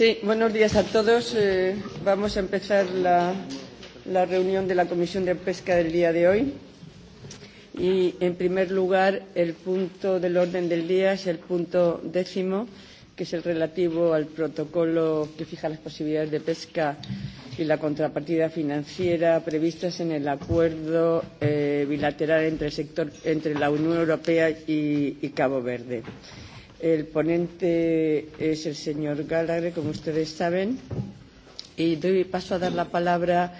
Sí, buenos días a todos. Eh, vamos a empezar la, la reunión de la Comisión de Pesca del día de hoy. Y, en primer lugar, el punto del orden del día es el punto décimo, que es el relativo al protocolo que fija las posibilidades de pesca y la contrapartida financiera previstas en el acuerdo eh, bilateral entre, el sector, entre la Unión Europea y, y Cabo Verde. Eh, El ponente es el señor Gallagher, como ustedes saben, y doy paso a dar la palabra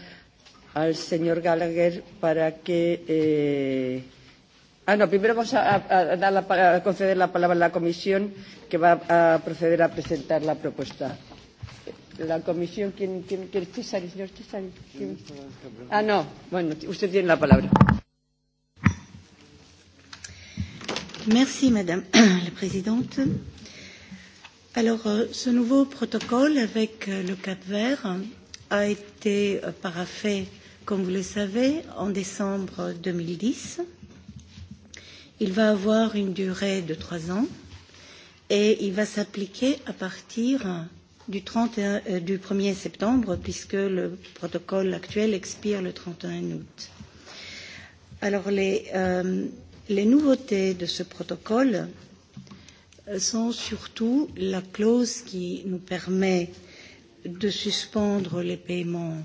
al señor Gallagher para que. Eh, ah, no, primero vamos a, a, dar la, a conceder la palabra a la comisión que va a proceder a presentar la propuesta. La comisión, ¿quién, quién, quién? César, señor César. ¿quién? Ah, no, bueno, usted tiene la palabra. Merci, Madame la Présidente. Alors, ce nouveau protocole avec le Cap-Vert a été paraffé, comme vous le savez, en décembre 2010. Il va avoir une durée de trois ans et il va s'appliquer à partir du, 31, euh, du 1er septembre, puisque le protocole actuel expire le 31 août. Alors, les. Euh, Les nouveautés de ce protocole sont surtout la clause qui nous permet de suspendre les paiements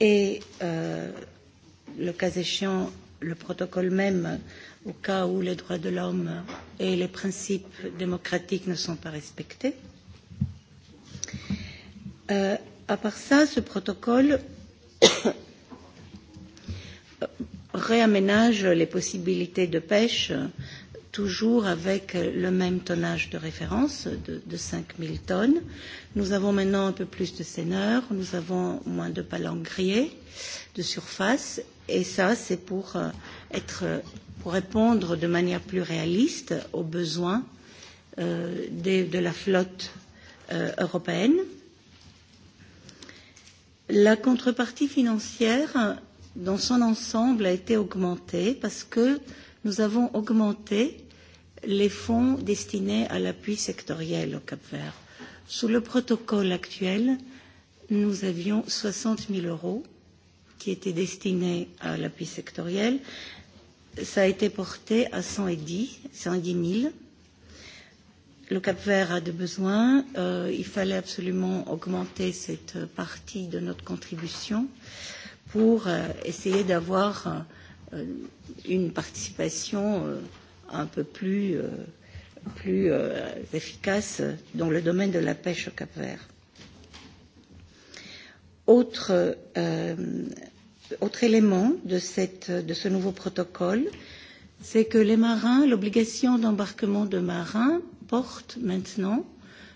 et, le cas échéant, le protocole même au cas où les droits de l'homme et les principes démocratiques ne sont pas respectés. à part ça, ce protocole réaménage les possibilités de pêche toujours avec le même tonnage de référence de, de 5000 tonnes. Nous avons maintenant un peu plus de seineurs, nous avons moins de palangriers de surface et ça c'est pour, être, pour répondre de manière plus réaliste aux besoins euh, de, de la flotte euh, européenne. La contrepartie financière dans son ensemble a été augmenté parce que nous avons augmenté les fonds destinés à l'appui sectoriel au Cap-Vert. Sous le protocole actuel, nous avions 60 000 euros qui étaient destinés à l'appui sectoriel. Ça a été porté à 110, 110 000. Le Cap-Vert a des besoins. Euh, il fallait absolument augmenter cette partie de notre contribution. Euh, pour essayer d'avoir une participation un peu plus, plus efficace dans le domaine de la pêche au Cap Vert. Autre, euh, autre élément de, cette, de ce nouveau protocole, c'est que les marins, l'obligation d'embarquement de marins porte maintenant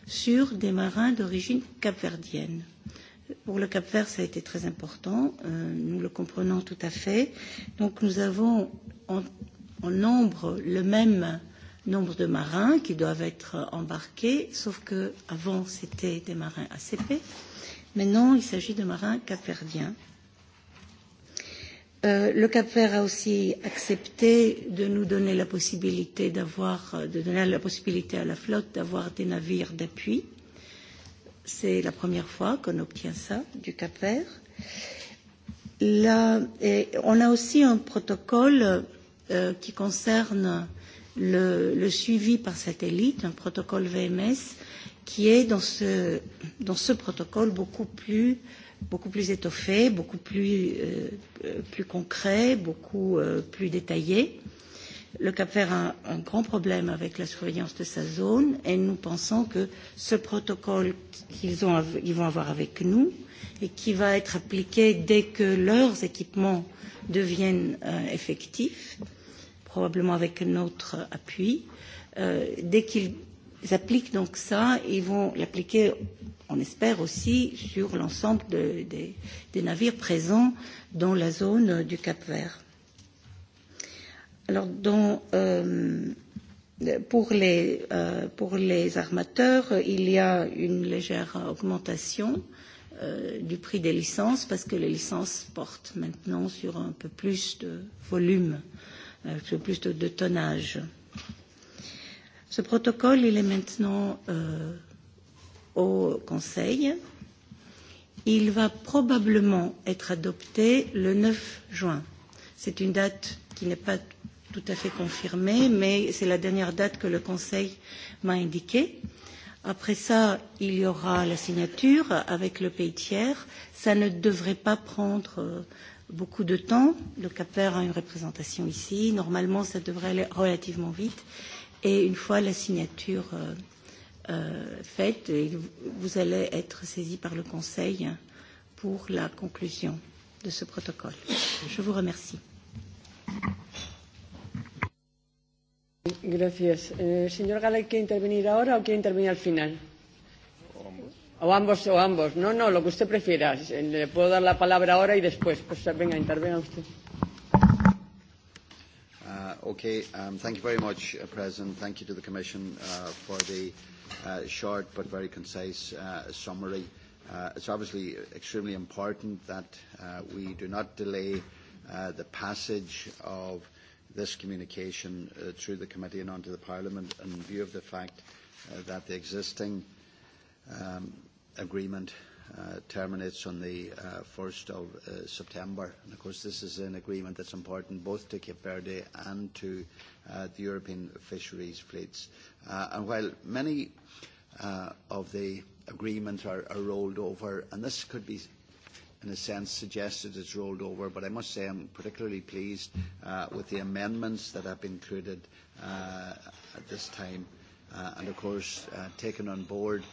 sur des marins d'origine capverdienne. Euh, Pour le Cap Vert, ça a été très important. Euh, nous le comprenons tout à fait. Donc nous avons en, en nombre le même nombre de marins qui doivent être embarqués, sauf que avant c'était des marins ACP. Maintenant, il s'agit de marins capverdiens. Euh, le Cap-Vert a aussi accepté de nous donner la possibilité d'avoir, de donner la possibilité à la flotte d'avoir des navires d'appui. Euh, C'est la première fois qu'on obtient ça du Cap Vert. Là, et on a aussi un protocole euh, qui concerne le, le suivi par satellite, un protocole VMS, qui est dans ce, dans ce protocole beaucoup plus, beaucoup plus étoffé, beaucoup plus, euh, plus concret, beaucoup euh, plus détaillé. Le Cap Vert a un grand problème avec la surveillance de sa zone et nous pensons que ce protocole qu'ils vont avoir avec nous et qui va être appliqué dès que leurs équipements deviennent effectifs, probablement avec notre appui, dès qu'ils appliquent donc ça, ils vont l'appliquer, on espère aussi, sur l'ensemble des navires présents dans la zone du Cap Vert Alors, dans, euh, pour, les, euh, pour les armateurs, il y a une légère augmentation euh, du prix des licences parce que les licences portent maintenant sur un peu plus de volume, un peu plus de, de tonnage. Ce protocole, il est maintenant euh, au Conseil. Il va probablement être adopté le 9 juin. C'est une date qui n'est pas tout à fait confirmé, mais c'est la dernière date que le Conseil m'a indiquée. Après ça, il y aura la signature avec le pays tiers. Ça ne devrait pas prendre beaucoup de temps. Le CAPER a une représentation ici. Normalement, ça devrait aller relativement vite. Et une fois la signature euh, faite, vous allez être saisi par le Conseil pour la conclusion de ce protocole. Je vous remercie. Gracias. Eh, señor Gala, ¿quiere intervenir ahora o quiere intervenir al final? O ambos, o ambos. No, no, lo que usted prefiera. Le puedo dar la palabra ahora y después. Pues venga, intervenga usted. Uh, okay, um, thank you very much, uh, President. Thank you to the Commission uh, for the uh, short but very concise uh, summary. Uh, it's obviously extremely important that uh, we do not delay uh, the passage of this communication uh, through the committee and onto the Parliament in view of the fact uh, that the existing um, agreement uh, terminates on the uh, 1st of uh, September. And of course, this is an agreement that's important both to Cape Verde and to uh, the European fisheries fleets. Uh, and while many uh, of the agreements are, are rolled over, and this could be in a sense, suggested it's rolled over, but I must say I'm particularly pleased with the amendments that have been included at this time. and of course, uh, taken on board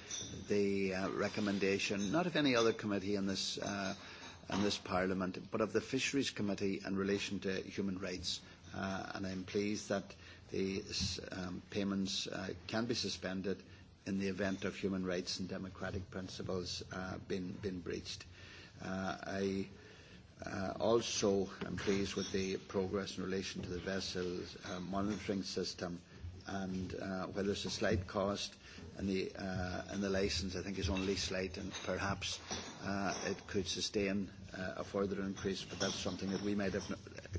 the recommendation, not of any other committee in this, in this Parliament, but of the Fisheries Committee in relation to human rights. and I'm pleased that the payments can be suspended in the event of human rights and democratic principles being, being breached. I also am pleased with the progress in relation to the vessels monitoring system, and while there's a slight cost in the license, I think it's only slight, and perhaps it could sustain a further increase, but that's something that we might have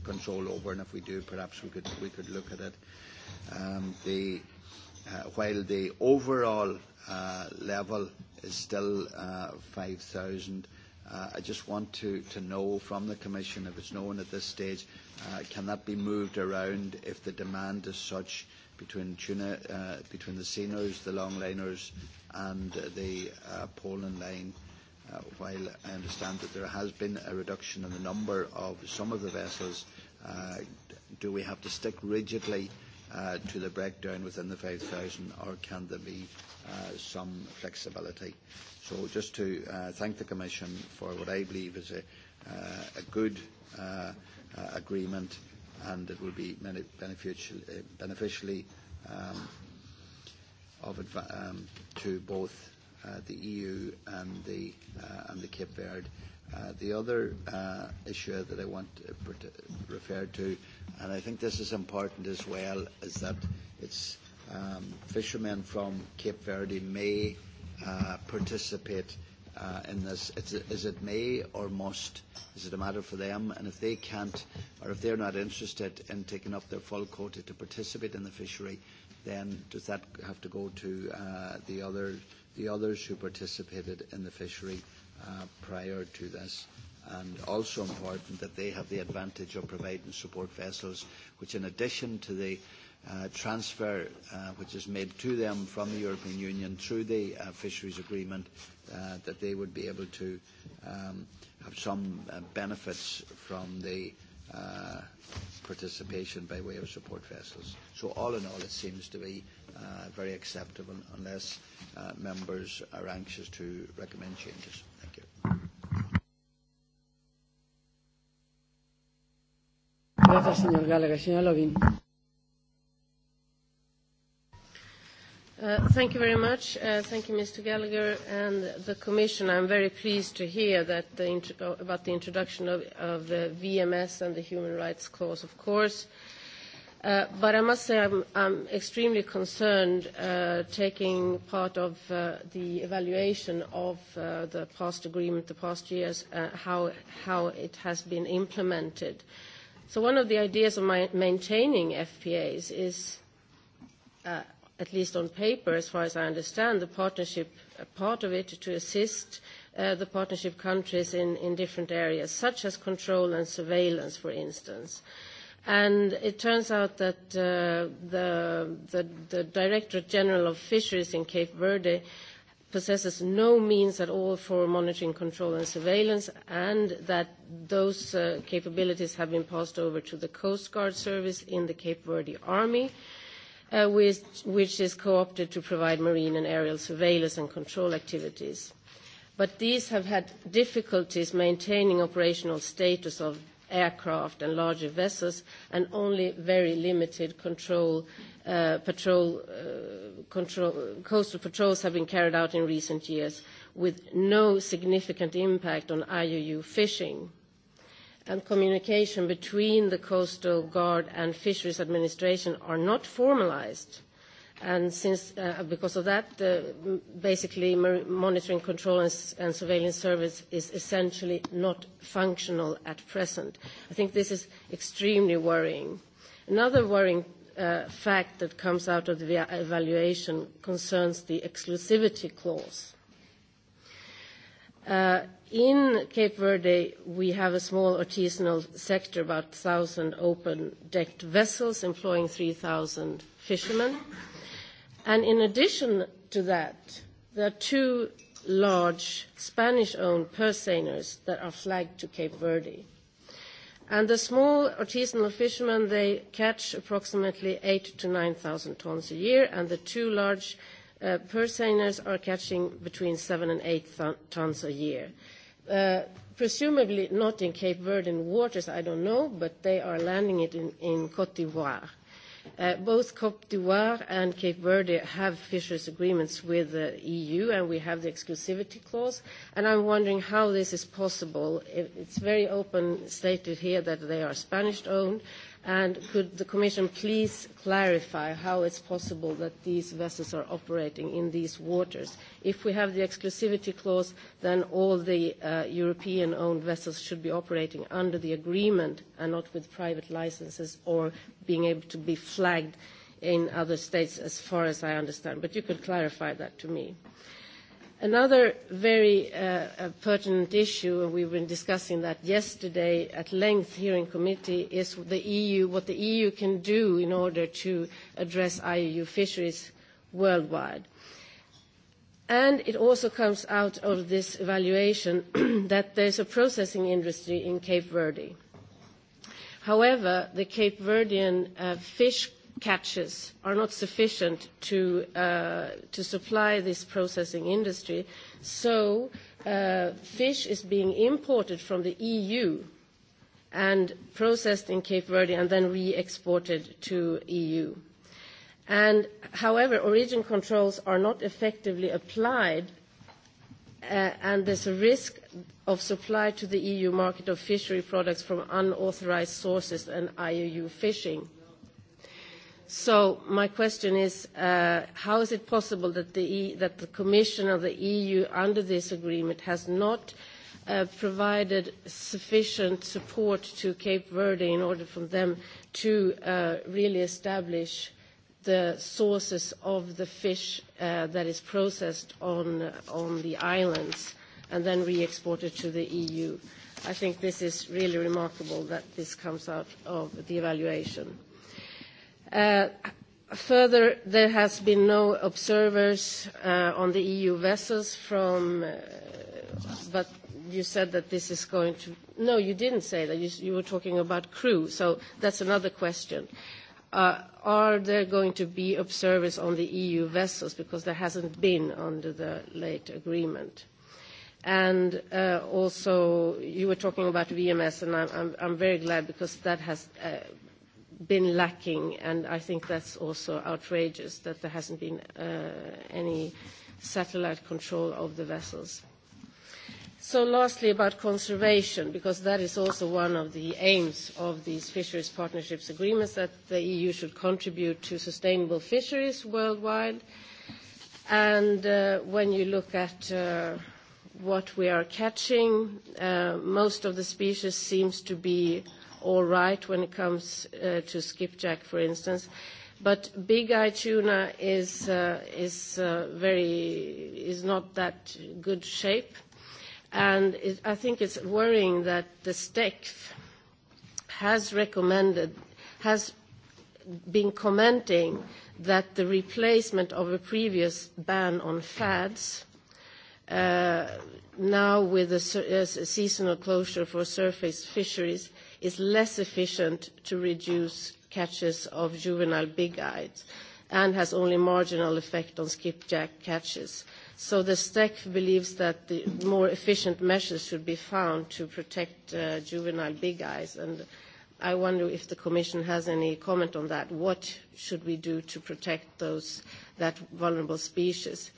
control over, and if we do, perhaps we could we could look at it. The while the overall level is still 5,000, Uh, I just want to, to know from the Commission, if it's known at this stage, uh, can that be moved around if the demand is such between tuna, uh, between the Senos, the Longliners and the uh, Poland line? Uh, while I understand that there has been a reduction in the number of some of the vessels, uh, do we have to stick rigidly uh, to the breakdown within the 5,000 or can there be uh, some flexibility? So just to uh, thank the Commission for what I believe is a, uh, a good uh, uh, agreement and it will be beneficial, uh, beneficially um, of adv- um, to both uh, the EU and the, uh, and the Cape Verde. Uh, the other uh, issue that I want to refer to, and I think this is important as well, is that it's um, fishermen from Cape Verde may uh, participate uh, in this? It's, is it may or must? Is it a matter for them? And if they can't, or if they're not interested in taking up their full quota to participate in the fishery, then does that have to go to uh, the, other, the others who participated in the fishery uh, prior to this? and also important that they have the advantage of providing support vessels, which in addition to the transfer uh, which is made to them from the European Union through the uh, fisheries agreement uh, that they would be able to um, have some uh, benefits from the uh, participation by way of support vessels. So all in all, it seems to be uh, very acceptable unless uh, members are anxious to recommend changes. Thank you. Gracias, señor Gallagher. Señor Lovin. Thank you very much. Thank you, Mr. Gallagher and the Commission. I'm very pleased to hear that the about the introduction of of the VMS and the Human Rights Clause, of course. But I must say I'm I'm extremely concerned taking part of the evaluation of the past agreement, the past years, how how it has been implemented. So One of the ideas of maintaining FPAs is at least on paper, as far as I understand, the partnership a part of it to assist the partnership countries in, in different areas, such as control and surveillance, for instance. And it turns out that the, the, the Directorate General of Fisheries in Cape Verde possesses no means at all for monitoring, control and surveillance, and that those capabilities have been passed over to the Coast Guard Service in the Cape Verde Army. Uh, which is co-opted to provide marine and aerial surveillance and control activities. But these have had difficulties maintaining operational status of aircraft and larger vessels, and only very limited control coastal patrols have been carried out in recent years, with no significant impact on IUU fishing and communication between the Coastal Guard and Fisheries Administration are not formalised, And since, uh, because of that, the, basically monitoring control and, and surveillance service is essentially not functional at present. I think this is extremely worrying. Another worrying uh, fact that comes out of the evaluation concerns the exclusivity clause. Uh, In Cape Verde, we have a small artisanal sector, about 1,000 open-decked vessels employing 3,000 fishermen. And In addition to that, there are two large Spanish-owned pursaners that are flagged to Cape Verde. And The small artisanal fishermen, they catch approximately 8,000 to 9,000 tons a year, and the two large pursaners are catching between 7,000 and 8,000 tons a year presumably not in Cape Verdean waters, I don't know, but they are landing it in, in Cote d'Ivoire. Uh, both Cote d'Ivoire and Cape Verde have fisheries agreements with the EU, and we have the exclusivity clause. And I'm wondering how this is possible. It, it's very open stated here that they are Spanish-owned, And could the Commission please clarify how it's possible that these vessels are operating in these waters? If we have the exclusivity clause, then all the European-owned vessels should be operating under the agreement and not with private licenses or being able to be flagged in other states, as far as I understand. But you could clarify that to me. Another very pertinent issue, and we've been discussing that yesterday at length here in committee, is the EU, what the EU can do in order to address IUU fisheries worldwide. And It also comes out of this evaluation that there's a processing industry in Cape Verde. However, the Cape Verdean fish catches are not sufficient to, supply this processing industry. So fish is being imported from the EU and processed in Cape Verde and then re-exported to EU. And however, origin controls are not effectively applied and there's a risk of supply to the EU market of fishery products from unauthorised sources and IUU fishing So my question is, how is it possible that the Commission of the EU under this agreement has not provided sufficient support to Cape Verde in order for them to really establish the sources of the fish that is processed on the islands and then re-exported to the EU? I think this is really remarkable that this comes out of the evaluation. Further, there has been no observers on the EU vessels from, but you said that this is going to. No, you didn't say that. You were talking about crew, so that's another question. Uh Are there going to be observers on the EU vessels? Because there hasn't been under the late agreement. And uh also, you were talking about VMS, and I'm I'm I'm very glad because that has uh been lacking, and I think that's also outrageous that there hasn't been any satellite control of the vessels. So Lastly, about conservation, because that is also one of the aims of these fisheries partnerships agreements, that the EU should contribute to sustainable fisheries worldwide. And When you look at what we are catching, most of the species seems to be all right when it comes uh, to skipjack, for instance. But big-eye tuna is, uh, is, uh, very, is not that good shape. And it, I think it's worrying that the STEC has recommended, has been commenting that the replacement of a previous ban on fads now with a seasonal closure for surface fisheries is less efficient to reduce catches of juvenile big-eyed and has only marginal effect on skipjack catches. So the STEC believes that the more efficient measures should be found to protect uh, juvenile big-eyes, and I wonder if the Commission has any comment on that. What should we do to protect those, that vulnerable species?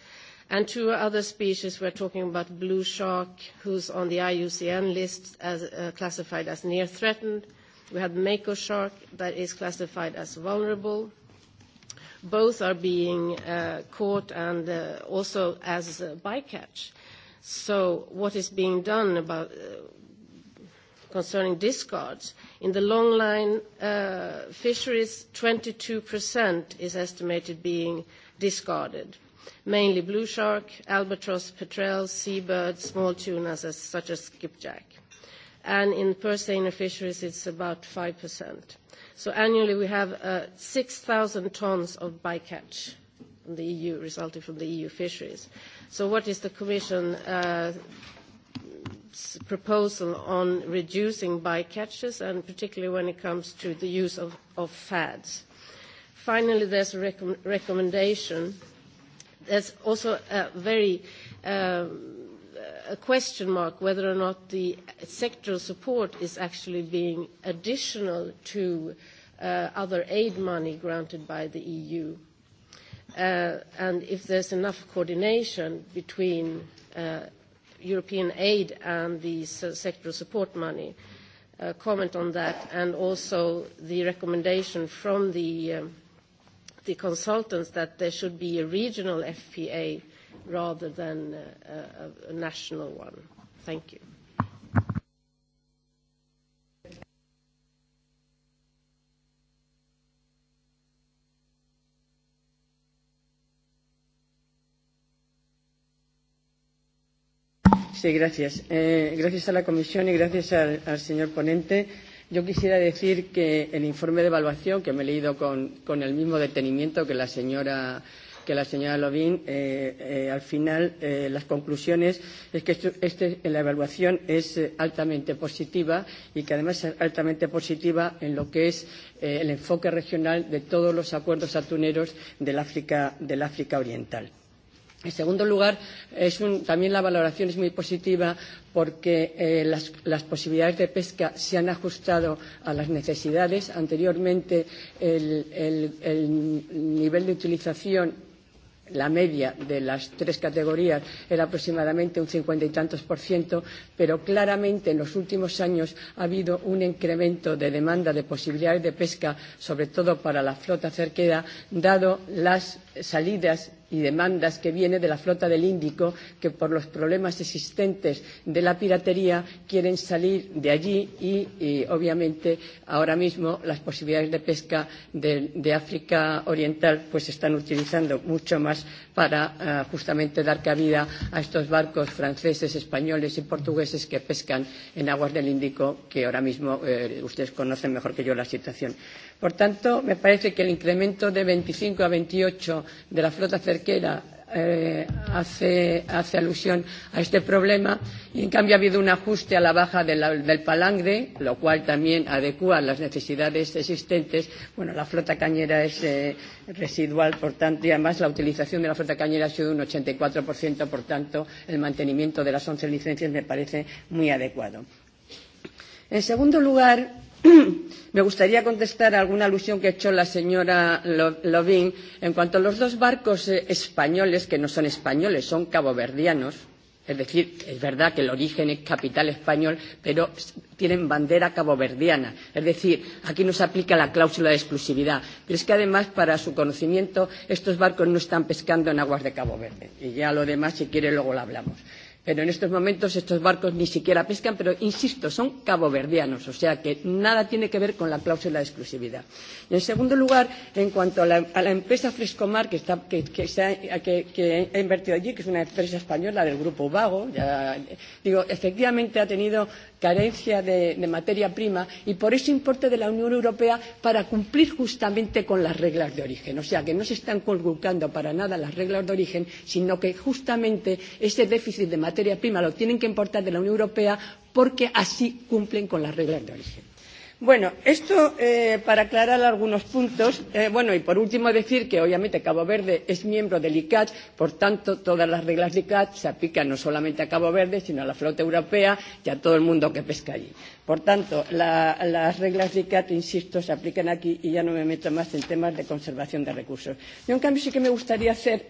And two other species, we're talking about blue shark, who's on the IUCN list as uh, classified as near threatened. We have mako shark that is classified as vulnerable. Both are being uh, caught and uh, also as bycatch. So what is being done about uh, concerning discards? In the long line uh, fisheries, 22% is estimated being discarded mainly blue shark, albatross, petrels, seabirds, small tunas such as skipjack. And in purseiner fisheries, it's about 5%. So annually, we have uh, 6,000 tons of bycatch from the EU, resulting from the EU fisheries. So what is the Commission uh, proposal on reducing bycatches, and particularly when it comes to the use of, of fads? Finally, there's a recommendation there's also a very a question mark whether or not the sectoral support is actually being additional to other aid money granted by the EU, and if there's enough coordination between European aid and the sectoral support money. Comment on that, and also the recommendation from the the consultants that there should be a regional FPA rather than a national one? Thank you. Sí, gracias. Eh, gracias a la comisión y gracias al, al señor ponente. Yo quisiera decir que el informe de evaluación, que me he leído con, con el mismo detenimiento que la señora que la señora Lovín, eh, eh, al final eh, las conclusiones es que esto, este, la evaluación es eh, altamente positiva y que además es altamente positiva en lo que es eh, el enfoque regional de todos los acuerdos atuneros del África, del África Oriental. En segundo lugar, es un, también la valoración es muy positiva porque eh, las, las posibilidades de pesca se han ajustado a las necesidades. Anteriormente, el, el, el nivel de utilización la media de las tres categorías era aproximadamente un cincuenta y tantos por ciento, pero claramente en los últimos años ha habido un incremento de demanda de posibilidades de pesca, sobre todo para la flota cerquera, dado las salidas y demandas que viene de la flota del Índico, que por los problemas existentes de la piratería quieren salir de allí y, y obviamente ahora mismo las posibilidades de pesca de, de África Oriental pues se están utilizando mucho más para uh, justamente dar cabida a estos barcos franceses, españoles y portugueses que pescan en aguas del Índico, que ahora mismo eh, ustedes conocen mejor que yo la situación. Por tanto, me parece que el incremento de 25 a 28 de la flota cerquera eh, hace, hace alusión a este problema y en cambio ha habido un ajuste a la baja de la, del palangre, lo cual también adecua las necesidades existentes. Bueno, la flota cañera es eh, residual, por tanto, y además la utilización de la flota cañera ha sido un 84%, por tanto, el mantenimiento de las 11 licencias me parece muy adecuado. En segundo lugar, Me gustaría contestar alguna alusión que ha hecho la señora Lovin en cuanto a los dos barcos españoles, que no son españoles, son caboverdianos. Es decir, es verdad que el origen es capital español, pero tienen bandera caboverdiana. Es decir, aquí no se aplica la cláusula de exclusividad. Pero es que además, para su conocimiento, estos barcos no están pescando en aguas de Cabo Verde. Y ya lo demás, si quiere, luego lo hablamos. Pero en estos momentos estos barcos ni siquiera pescan, pero insisto, son caboverdianos, o sea que nada tiene que ver con la cláusula de exclusividad. Y en segundo lugar, en cuanto a la, a la empresa Frescomar que, está, que, que, se ha, que, que ha invertido allí, que es una empresa española del grupo Vago, ya, digo, efectivamente ha tenido carencia de, de materia prima y por eso importe de la Unión Europea para cumplir justamente con las reglas de origen. O sea, que no se están conculcando para nada las reglas de origen, sino que justamente ese déficit de materia materia prima lo tienen que importar de la Unión Europea porque así cumplen con las reglas de origen. Bueno, esto eh, para aclarar algunos puntos. Eh, bueno, y por último decir que obviamente Cabo Verde es miembro del ICAT, por tanto todas las reglas de ICAT se aplican no solamente a Cabo Verde, sino a la flota europea y a todo el mundo que pesca allí. Por tanto, la, las reglas de ICAT, insisto, se aplican aquí y ya no me meto más en temas de conservación de recursos. Yo, en cambio, sí que me gustaría hacer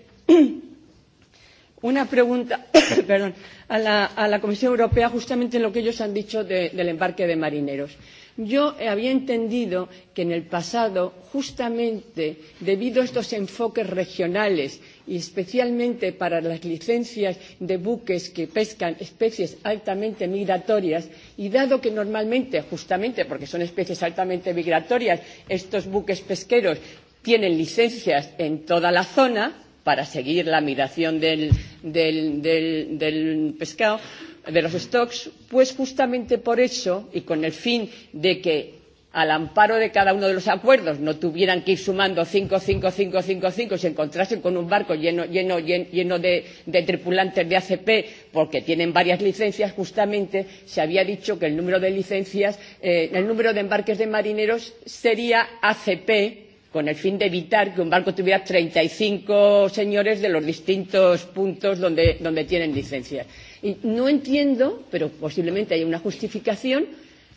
una pregunta perdón, a, la, a la Comisión Europea justamente en lo que ellos han dicho de, del embarque de marineros. Yo había entendido que en el pasado, justamente debido a estos enfoques regionales y especialmente para las licencias de buques que pescan especies altamente migratorias, y dado que normalmente, justamente porque son especies altamente migratorias, estos buques pesqueros tienen licencias en toda la zona, para seguir la migración del, del, del, del pescado, de los stocks, pues justamente por eso y con el fin de que al amparo de cada uno de los acuerdos no tuvieran que ir sumando cinco, cinco, cinco, cinco, cinco y se encontrasen con un barco lleno, lleno, lleno de, de tripulantes de ACP porque tienen varias licencias, justamente se había dicho que el número de licencias, eh, el número de embarques de marineros sería ACP con el fin de evitar que un barco tuviera 35 señores de los distintos puntos donde, donde tienen licencias. Y no entiendo, pero posiblemente haya una justificación,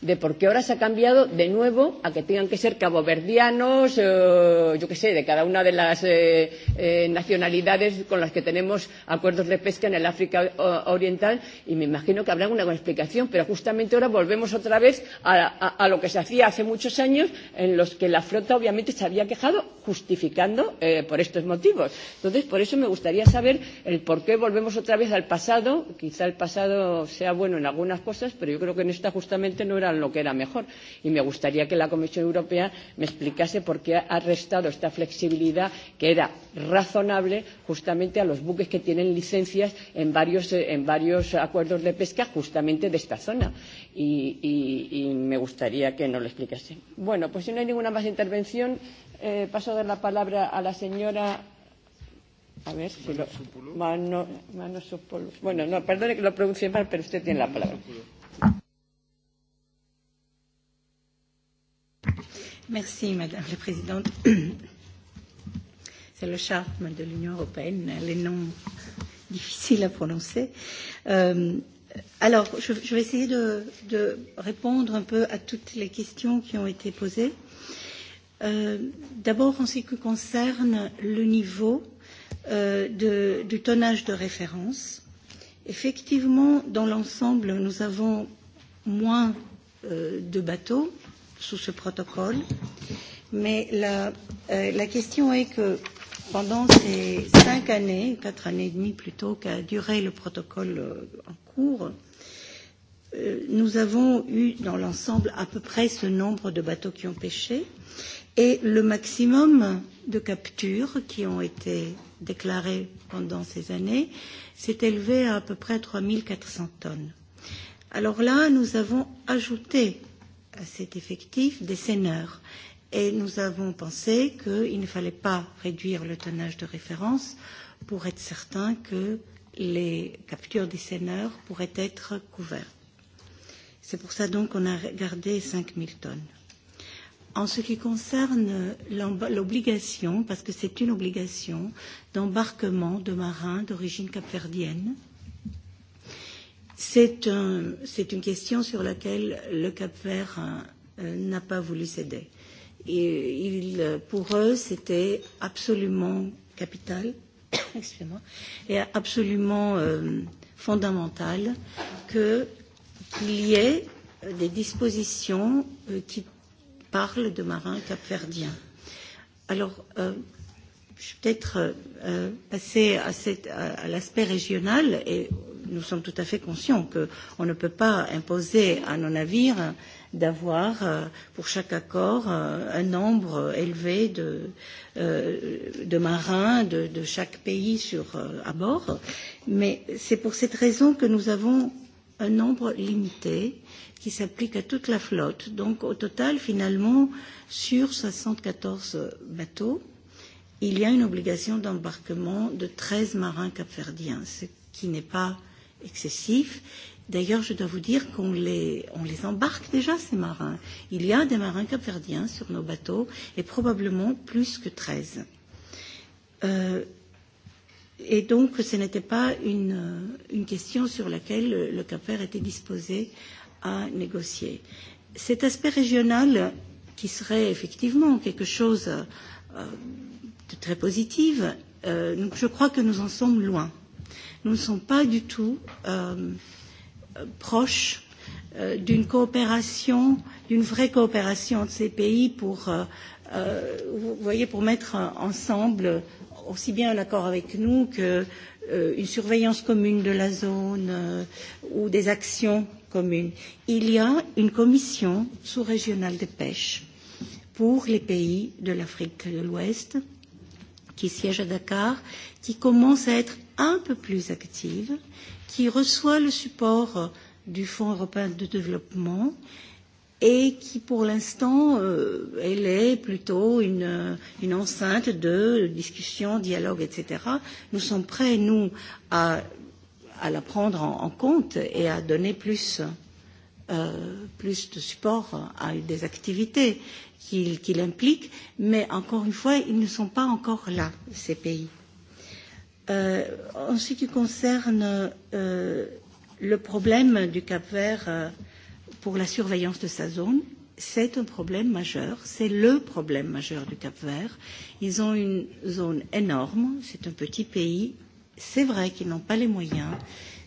de por qué ahora se ha cambiado de nuevo a que tengan que ser caboverdianos, eh, yo qué sé, de cada una de las eh, eh, nacionalidades con las que tenemos acuerdos de pesca en el África Oriental, y me imagino que habrá una explicación, pero justamente ahora volvemos otra vez a, a, a lo que se hacía hace muchos años, en los que la flota obviamente se había quejado justificando eh, por estos motivos. Entonces, por eso me gustaría saber el por qué volvemos otra vez al pasado, quizá el pasado sea bueno en algunas cosas, pero yo creo que en esta justamente no era eran lo que era mejor. Y me gustaría que la Comisión Europea me explicase por qué ha restado esta flexibilidad que era razonable justamente a los buques que tienen licencias en varios, en varios acuerdos de pesca justamente de esta zona. Y, y, y me gustaría que nos lo explicase. Bueno, pues si no hay ninguna más intervención, eh, paso a dar la palabra a la señora A ver si lo. Mano, mano Bueno, no, perdone que lo pronuncie mal, pero usted tiene la palabra. Merci, Madame la Présidente. C'est le charme de l'Union européenne, les noms difficiles à prononcer. Euh, alors, je, je vais essayer de, de répondre un peu à toutes les questions qui ont été posées. Euh, D'abord, en ce qui concerne le niveau euh, de, du tonnage de référence, effectivement, dans l'ensemble, nous avons moins euh, de bateaux sous ce protocole. Mais la, euh, la question est que pendant ces cinq années, quatre années et demie plutôt qu'a duré le protocole en cours, nous avons eu dans l'ensemble à peu près ce nombre de bateaux qui ont pêché et le maximum de captures qui ont été déclarées pendant ces années s'est élevé à à peu près 3400 tonnes. Alors là, nous avons ajouté à cet effectif des seniors. Et nous avons pensé qu'il ne fallait pas réduire le tonnage de référence pour être certain que les captures des seniors pourraient être couvertes. C'est pour ça donc qu'on a gardé 5000 tonnes. En ce qui concerne l'obligation, parce que c'est une obligation d'embarquement de marins d'origine capverdienne, euh, C'est un, une question sur laquelle le Cap Vert n'a pas voulu céder. Et il, pour eux, c'était absolument capital et absolument euh, fondamental que, qu'il y ait des dispositions euh, qui parlent de marins capverdiens. Alors, euh, je vais peut-être euh, passer à, cette, à, à l'aspect régional et nous sommes tout à fait conscients qu'on ne peut pas imposer à nos navires d'avoir pour chaque accord un nombre élevé de, de marins de, de chaque pays sur, à bord. Mais c'est pour cette raison que nous avons un nombre limité qui s'applique à toute la flotte. Donc au total, finalement, sur 74 bateaux, il y a une obligation d'embarquement de 13 marins capverdiens, ce qui n'est pas excessif. D'ailleurs, je dois vous dire qu'on les, on les embarque déjà, ces marins. Il y a des marins capverdiens sur nos bateaux, et probablement plus que 13. Euh, et donc, ce n'était pas une, une question sur laquelle le Cap-Vert était disposé à négocier. Cet aspect régional, qui serait effectivement quelque chose de très positif, euh, je crois que nous en sommes loin nous ne sommes pas du tout euh, proches euh, d'une coopération, d'une vraie coopération entre ces pays pour, euh, euh, vous voyez, pour mettre ensemble aussi bien un accord avec nous qu'une euh, surveillance commune de la zone euh, ou des actions communes. Il y a une commission sous-régionale de pêche pour les pays de l'Afrique de l'Ouest qui siège à Dakar, qui commence à être un peu plus active, qui reçoit le support du Fonds européen de développement et qui, pour l'instant, euh, elle est plutôt une, une enceinte de discussion, dialogue, etc. Nous sommes prêts, nous, à, à la prendre en, en compte et à donner plus, euh, plus de support à des activités qu'il qu implique, mais encore une fois, ils ne sont pas encore là, ces pays en ce qui concerne euh, le problème du Cap Vert euh, pour la surveillance de sa zone, c'est un problème majeur, c'est le problème majeur du Cap Vert. Ils ont une zone énorme, c'est un petit pays, c'est vrai qu'ils n'ont pas les moyens,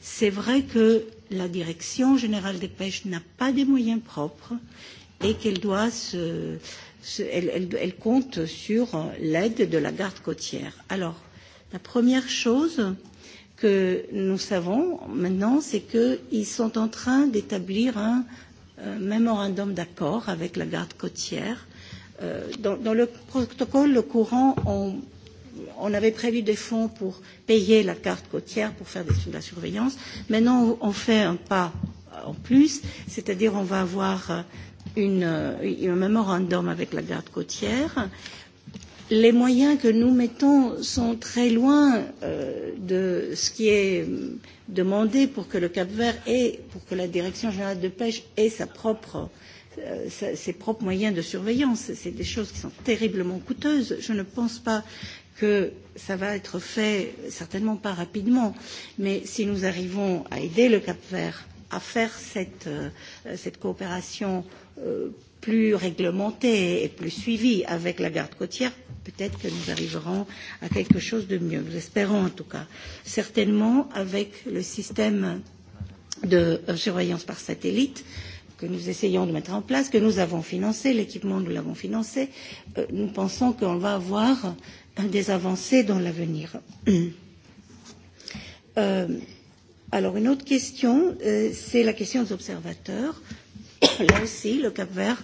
c'est vrai que la Direction générale des pêches n'a pas des moyens propres et qu'elle doit se, se elle, elle, elle compte sur l'aide de la garde côtière. Alors, La première chose que nous savons maintenant, c'est qu'ils sont en train d'établir un euh, mémorandum d'accord avec la garde côtière. Euh, dans, dans le protocole, le courant, on, on avait prévu des fonds pour payer la carte côtière pour faire de la surveillance. Maintenant, on fait un pas en plus, c'est-à-dire on va avoir une, un mémorandum avec la garde côtière les moyens que nous mettons sont très loin de ce qui est demandé pour que le Cap Vert ait, pour que la Direction générale de pêche ait sa propre, ses propres moyens de surveillance. C'est des choses qui sont terriblement coûteuses. Je ne pense pas que ça va être fait, certainement pas rapidement, mais si nous arrivons à aider le Cap Vert à faire cette, coopération plus réglementée et plus suivie avec la garde côtière, peut-être que nous arriverons à quelque chose de mieux. Nous espérons en tout cas. Certainement avec le système de surveillance par satellite que nous essayons de mettre en place, que nous avons financé, l'équipement nous l'avons financé, nous pensons qu'on va avoir des avancées dans l'avenir. alors une autre question, c'est la question des observateurs. Euh, là aussi, le Cap Vert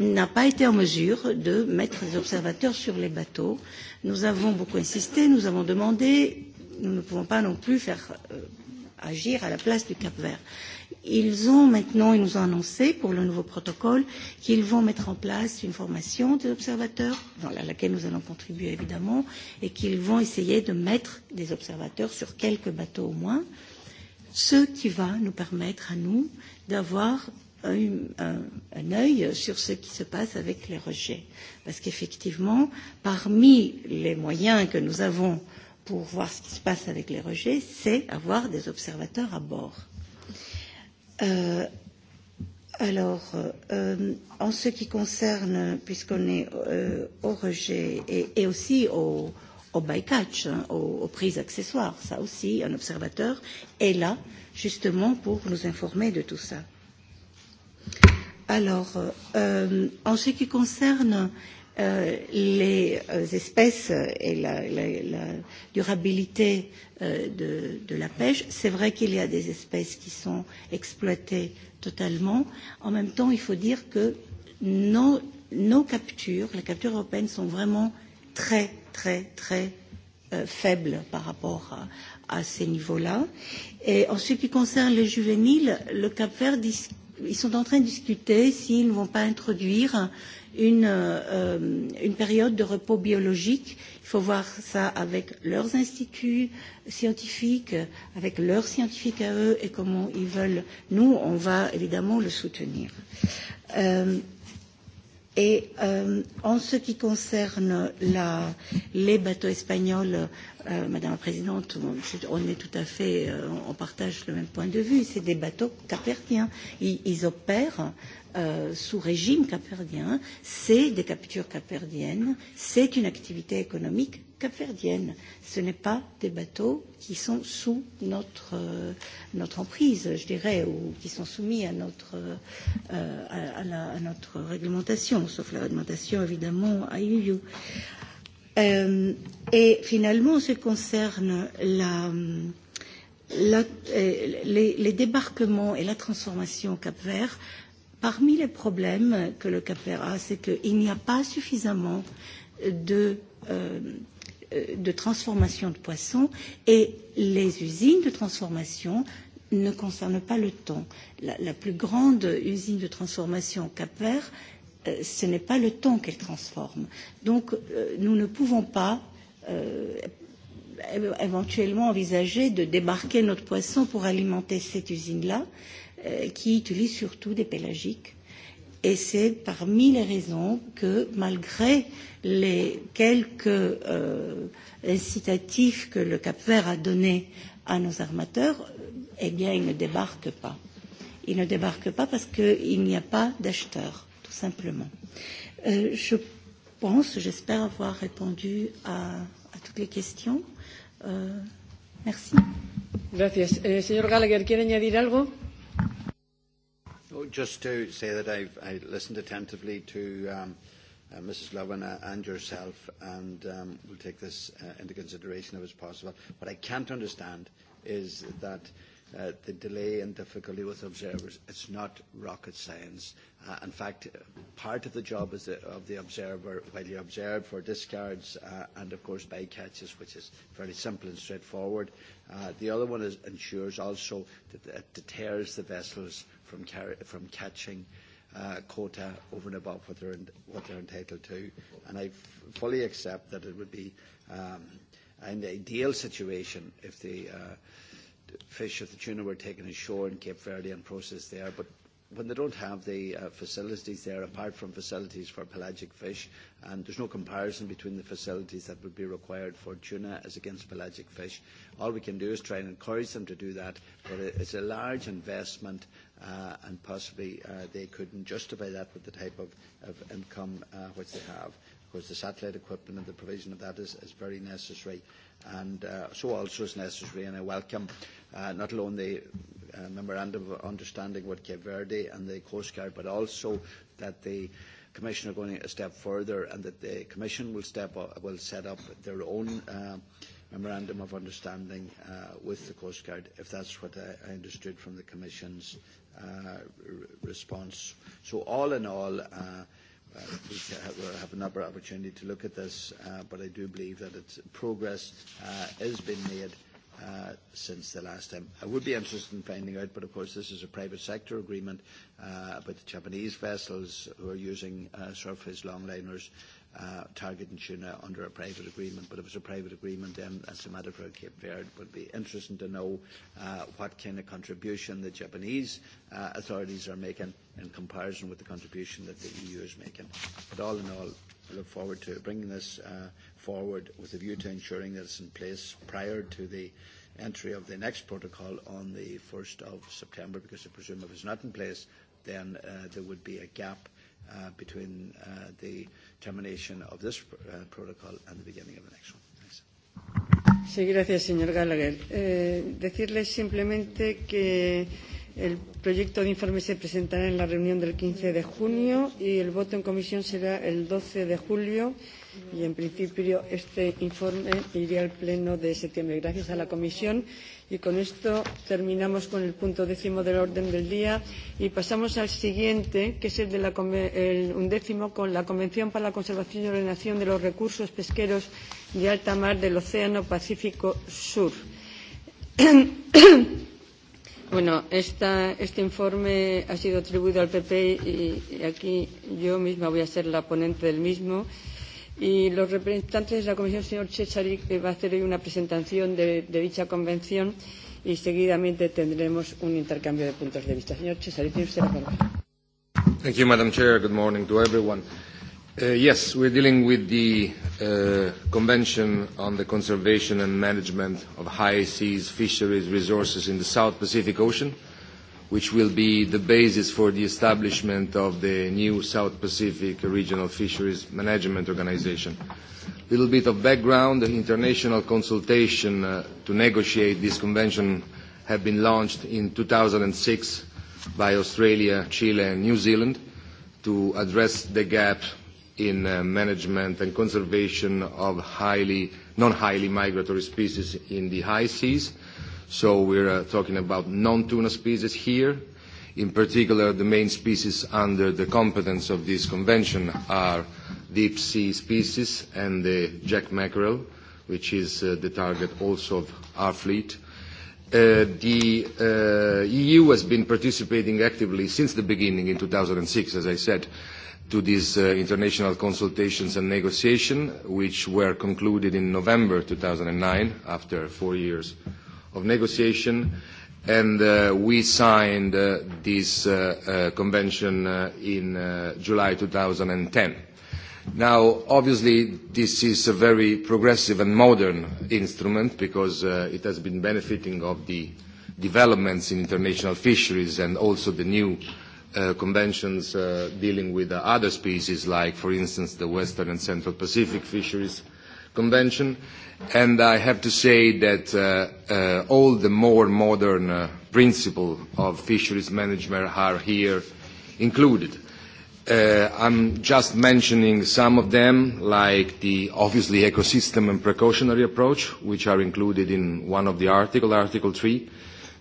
n'a pas été en mesure de mettre des observateurs sur les bateaux. Nous avons beaucoup insisté, nous avons demandé, nous ne pouvons pas non plus faire agir à la place du Cap Vert. Ils ont maintenant, ils nous ont annoncé pour le nouveau protocole qu'ils vont mettre en place une formation des observateurs, dans laquelle nous allons contribuer évidemment, et qu'ils vont essayer de mettre des observateurs sur quelques bateaux au moins, ce qui va nous permettre à nous d'avoir un, un, un œil sur ce qui se passe avec les rejets. Parce qu'effectivement, parmi les moyens que nous avons pour voir ce qui se passe avec les rejets, c'est avoir des observateurs à bord. Euh, alors, euh, en ce qui concerne, puisqu'on est euh, au rejet et, et aussi au, au bycatch, hein, aux, aux prises accessoires, ça aussi, un observateur est là justement pour nous informer de tout ça. Alors, euh, en ce qui concerne euh, les espèces et la, la, la durabilité euh, de, de la pêche, c'est vrai qu'il y a des espèces qui sont exploitées totalement. En même temps, il faut dire que nos, nos captures, les captures européennes, sont vraiment très, très, très euh, faibles par rapport à, à ces niveaux-là. Et en ce qui concerne les juvéniles, le Cap-Vert ils sont en train de discuter s'ils ne vont pas introduire une, euh, une période de repos biologique. Il faut voir ça avec leurs instituts scientifiques, avec leurs scientifiques à eux et comment ils veulent. Nous, on va évidemment le soutenir. Euh, Et euh, en ce qui concerne la, les bateaux espagnols, euh, Madame la Présidente, on, est tout à fait, euh, on partage le même point de vue. C'est des bateaux capverdiens. Ils, ils opèrent euh, sous régime capverdien. C'est des captures capverdiennes. C'est une activité économique capverdienne. Ce n'est pas des bateaux qui sont sous notre, euh, notre emprise, je dirais, ou qui sont soumis à notre, euh, à, à, la, à notre réglementation, sauf la réglementation évidemment à UU. Euh, et finalement, en ce qui concerne la, la, les, les débarquements et la transformation au Cap-Vert, parmi les problèmes que le Cap-Vert a, c'est qu'il n'y a pas suffisamment de euh, de transformation de poissons et les usines de transformation ne concernent pas le thon. La, la plus grande usine de transformation au Cap Vert, euh, ce n'est pas le thon qu'elle transforme. Donc euh, nous ne pouvons pas euh, éventuellement envisager de débarquer notre poisson pour alimenter cette usine-là, euh, qui utilise surtout des pélagiques Et c'est parmi les raisons que, malgré les quelques euh, incitatifs que le Cap Vert a donnés à nos armateurs, eh bien, ils ne débarquent pas. Ils ne débarquent pas parce qu'il n'y a pas d'acheteurs, tout simplement. Euh, je pense, j'espère avoir répondu à, à toutes les questions. Euh, merci. Gracias. Eh, señor Gallagher, ¿quiere añadir algo? Just to say that I've I listened attentively to um, uh, Mrs. Lovin and yourself, and um, we'll take this uh, into consideration if it's possible. What I can't understand is that uh, the delay and difficulty with observers, it's not rocket science. Uh, in fact, part of the job is the, of the observer, while you observe for discards uh, and, of course, bycatches, which is fairly simple and straightforward. Uh, the other one is ensures also that it deters the vessels from, carry, from catching uh, quota over and above what they're, what they're entitled to. And I fully accept that it would be um, an ideal situation if the uh, fish, of the tuna were taken ashore in Cape Verde and processed there, but when they don't have the uh, facilities there, apart from facilities for pelagic fish, and there's no comparison between the facilities that would be required for tuna as against pelagic fish, all we can do is try and encourage them to do that, but it's a large investment uh, and possibly uh, they couldn't justify that with the type of, of income uh, which they have. Because the satellite equipment and the provision of that is, is very necessary, and uh, so also is necessary. And I welcome uh, not alone the uh, memorandum of understanding with Cape Verde and the Coast Guard, but also that the Commission are going a step further and that the Commission will step up, will set up their own. Uh, memorandum of understanding uh, with the Coast Guard, if that's what I, I understood from the Commission's response. So all in all, we have another opportunity to look at this, but I do believe that it's progress has been made since the last time. I would be interested in finding out, but of course this is a private sector agreement about the Japanese vessels who are using surface longliners uh, Target and Tuna under a private agreement, but if it's a private agreement, then that's a matter for Cape Verde. It would be interesting to know uh, what kind of contribution the Japanese uh, authorities are making in comparison with the contribution that the EU is making. But all in all, I look forward to bringing this uh, forward with a view to ensuring that it's in place prior to the entry of the next protocol on the 1st of September, because I presume if it's not in place, then uh, there would be a gap uh, between uh, the termination of this uh, protocol and the beginning of the next one. Sí, gracias, señor Gallagher. Eh, decirles simplemente que el proyecto de informe se presentará en la reunión del 15 de junio y el voto en comisión será el 12 de julio y en principio este informe iría al pleno de septiembre. Gracias a la comisión Y con esto terminamos con el punto décimo del orden del día y pasamos al siguiente, que es el, de la, el undécimo, con la Convención para la Conservación y Ordenación de los Recursos Pesqueros de Alta Mar del Océano Pacífico Sur. Bueno, esta, este informe ha sido atribuido al PP y, y aquí yo misma voy a ser la ponente del mismo. Eh, Y los representantes de la Comisión, señor Checharik, va a hacer hoy una presentación de, de dicha convención y seguidamente tendremos un intercambio de puntos de vista. Señor Checharik, tiene usted la palabra. Thank you, Madam Chair. Good morning to everyone. Uh, yes, we're dealing with the uh, Convention on the Conservation and Management of High Seas Fisheries Resources in the South Pacific Ocean which will be the basis for the establishment of the new South Pacific Regional Fisheries Management Organization. A little bit of background, the international consultation uh, to negotiate this convention have been launched in 2006 by Australia, Chile and New Zealand to address the gap in uh, management and conservation of highly, non-highly migratory species in the high seas So we're uh, talking about non-tuna species here. In particular, the main species under the competence of this convention are deep sea species and the jack mackerel, which is uh, the target also of our fleet. Uh, the uh, EU has been participating actively since the beginning in 2006, as I said, to these uh, international consultations and negotiations, which were concluded in November 2009 after four years of negotiation, and uh, we signed uh, this uh, uh, convention uh, in uh, July 2010. Now, obviously, this is a very progressive and modern instrument because uh, it has been benefiting of the developments in international fisheries and also the new uh, conventions uh, dealing with uh, other species like, for instance, the western and central Pacific fisheries – Convention, and I have to say that all the more modern uh, principles of fisheries management are here included. Uh, I'm just mentioning some of them, like the obviously ecosystem and precautionary approach, which are included in one of the articles, Article 3.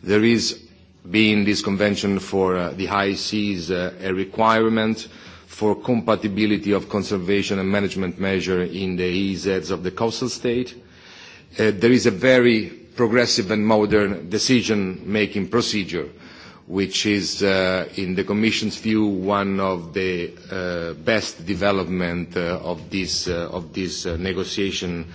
There is, being this convention for uh, the high seas, uh, a requirement for compatibility of conservation and management measure in the EEZs of the coastal state. There is a very progressive and modern decision-making procedure, which is, in the Commission's view, one of the best development of this negotiation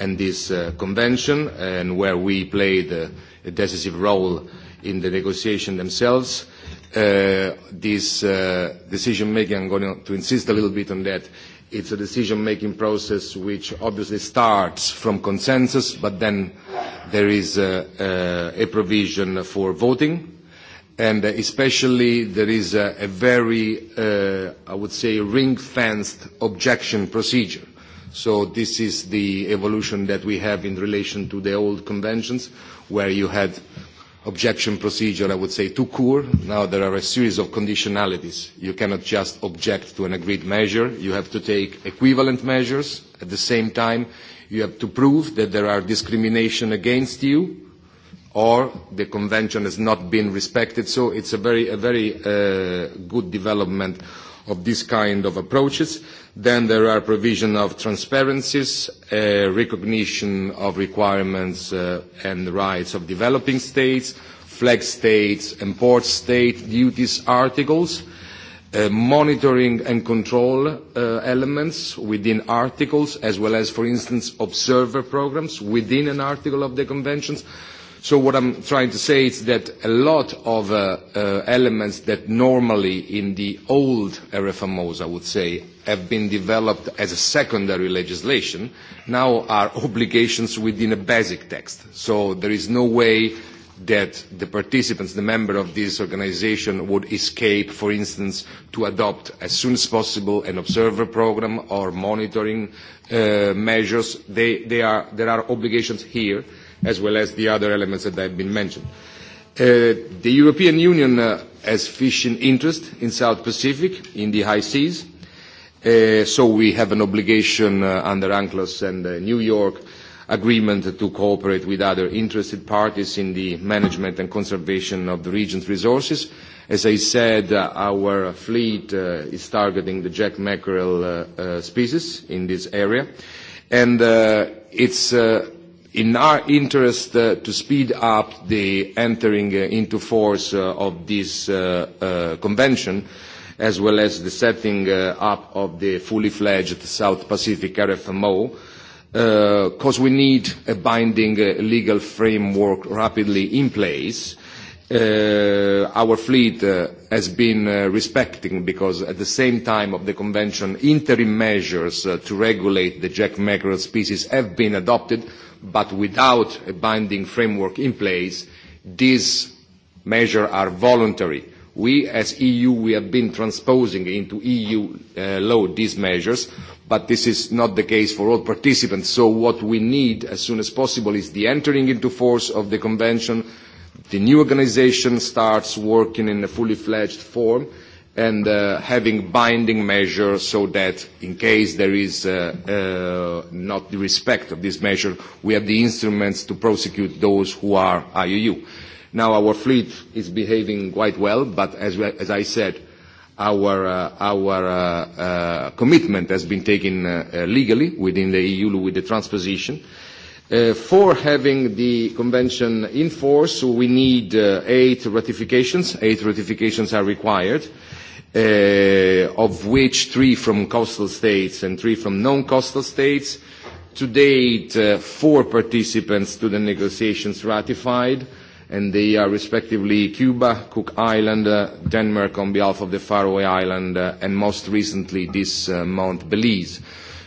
and this convention, and where we played a decisive role in the negotiation themselves this uh decision-making, I'm going to insist a little bit on that. It's a decision-making process which obviously starts from consensus, but then there is a provision for voting, and especially there is a very, I would say, ring-fenced objection procedure. So this is the evolution that we have in relation to the old conventions, where you had objection procedure, I would say, too court. Now there are a series of conditionalities. You cannot just object to an agreed measure. You have to take equivalent measures. At the same time, you have to prove that there are discrimination against you or the convention has not been respected. So it's a very, a very uh, good development of these kind of approaches. Then there are provision of transparencies, recognition of requirements and rights of developing states, flag states, and port state duties articles, monitoring and control elements within articles, as well as, for instance, observer programs within an article of the conventions. So what I'm trying to say is that a lot of elements that normally in the old RFMOs, I would say, have been developed as a secondary legislation, now are obligations within a basic text. So there is no way that the participants, the member of this organisation, would escape, for instance, to adopt as soon as possible an observer programme or monitoring measures. there are obligations here as well as the other elements that have been mentioned. the European Union has fishing interest in South Pacific, in the high seas, so we have an obligation under UNCLOS and the New York agreement to cooperate with other interested parties in the management and conservation of the region's resources. As I said, our fleet uh is targeting the jack mackerel uh species in this area, and uh it's uh in our interest to speed up the entering into force of this convention, as well as the setting up of the fully fledged South Pacific RFMO, because we need a binding legal framework rapidly in place our fleet has been respecting, because at the same time of the convention, interim measures to regulate the jack mackerel species have been adopted, but without a binding framework in place. These measures are voluntary. We, as EU, we have been transposing into EU law these measures, but this is not the case for all participants. So what we need as soon as possible is the entering into force of the convention, The new organisation starts working in a fully fledged form and uh, having binding measures so that in case there is uh, uh, not the respect of this measure, we have the instruments to prosecute those who are IUU. Now our fleet is behaving quite well, but as, as I said, our, uh, our uh, uh, commitment has been taken uh, uh, legally within the EU with the transposition. Uh, for having the convention in force, we need uh, eight ratifications. Eight ratifications are required, uh, of which three from coastal states and three from non-coastal states. To date, uh, four participants to the negotiations ratified, and they are respectively Cuba, Cook Island, uh, Denmark on behalf of the Faroe Island, uh, and most recently this uh, month, Belize.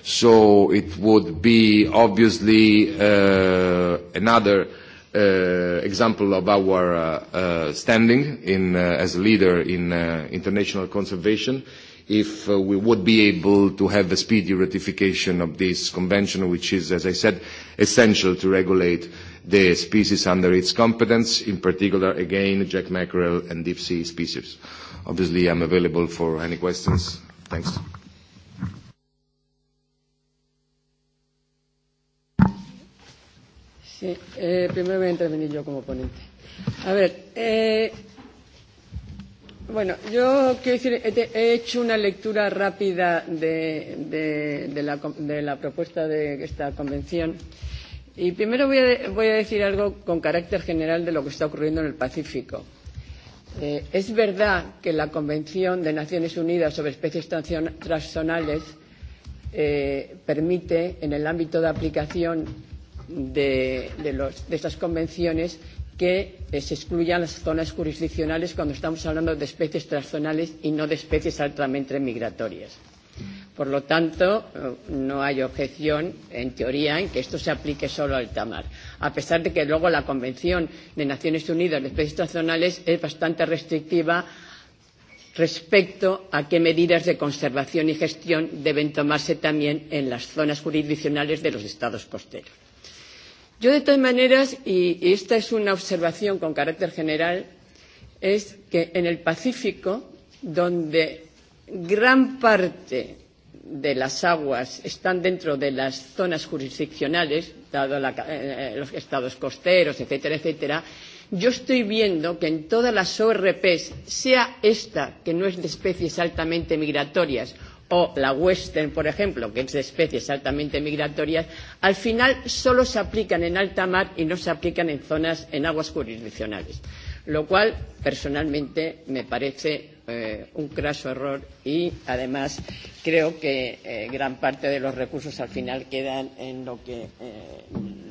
So it would be obviously uh, another uh, example of our uh, uh, standing in, uh, as a leader in uh, international conservation if uh, we would be able to have a speedy ratification of this convention, which is, as I said, essential to regulate the species under its competence, in particular, again, jack mackerel and deep sea species. Obviously, I'm available for any questions. Thanks. Sí, eh, primero voy a intervenir yo como ponente. A ver, eh, bueno, yo quiero decir, he, he hecho una lectura rápida de, de, de, la, de la propuesta de esta convención. Y primero voy a, voy a decir algo con carácter general de lo que está ocurriendo en el Pacífico. Eh, es verdad que la Convención de Naciones Unidas sobre especies transzonales eh, permite, en el ámbito de aplicación de, de, los, de estas convenciones que se excluyan las zonas jurisdiccionales cuando estamos hablando de especies transzonales y no de especies altamente migratorias. Por lo tanto, no hay objeción, en teoría, en que esto se aplique solo al tamar. A pesar de que luego la Convención de Naciones Unidas de Especies Transzonales es bastante restrictiva respecto a qué medidas de conservación y gestión deben tomarse también en las zonas jurisdiccionales de los estados costeros. Yo, de todas maneras, y esta es una observación con carácter general, es que en el Pacífico, donde gran parte de las aguas están dentro de las zonas jurisdiccionales, dado la, eh, los estados costeros, etcétera, etcétera, yo estoy viendo que en todas las ORPs, sea esta, que no es de especies altamente migratorias, o la western, por ejemplo, que es de especies altamente migratorias, al final solo se aplican en alta mar y no se aplican en zonas, en aguas jurisdiccionales. Lo cual, personalmente, me parece eh, un craso error y, además, creo que eh, gran parte de los recursos al final quedan en lo que eh,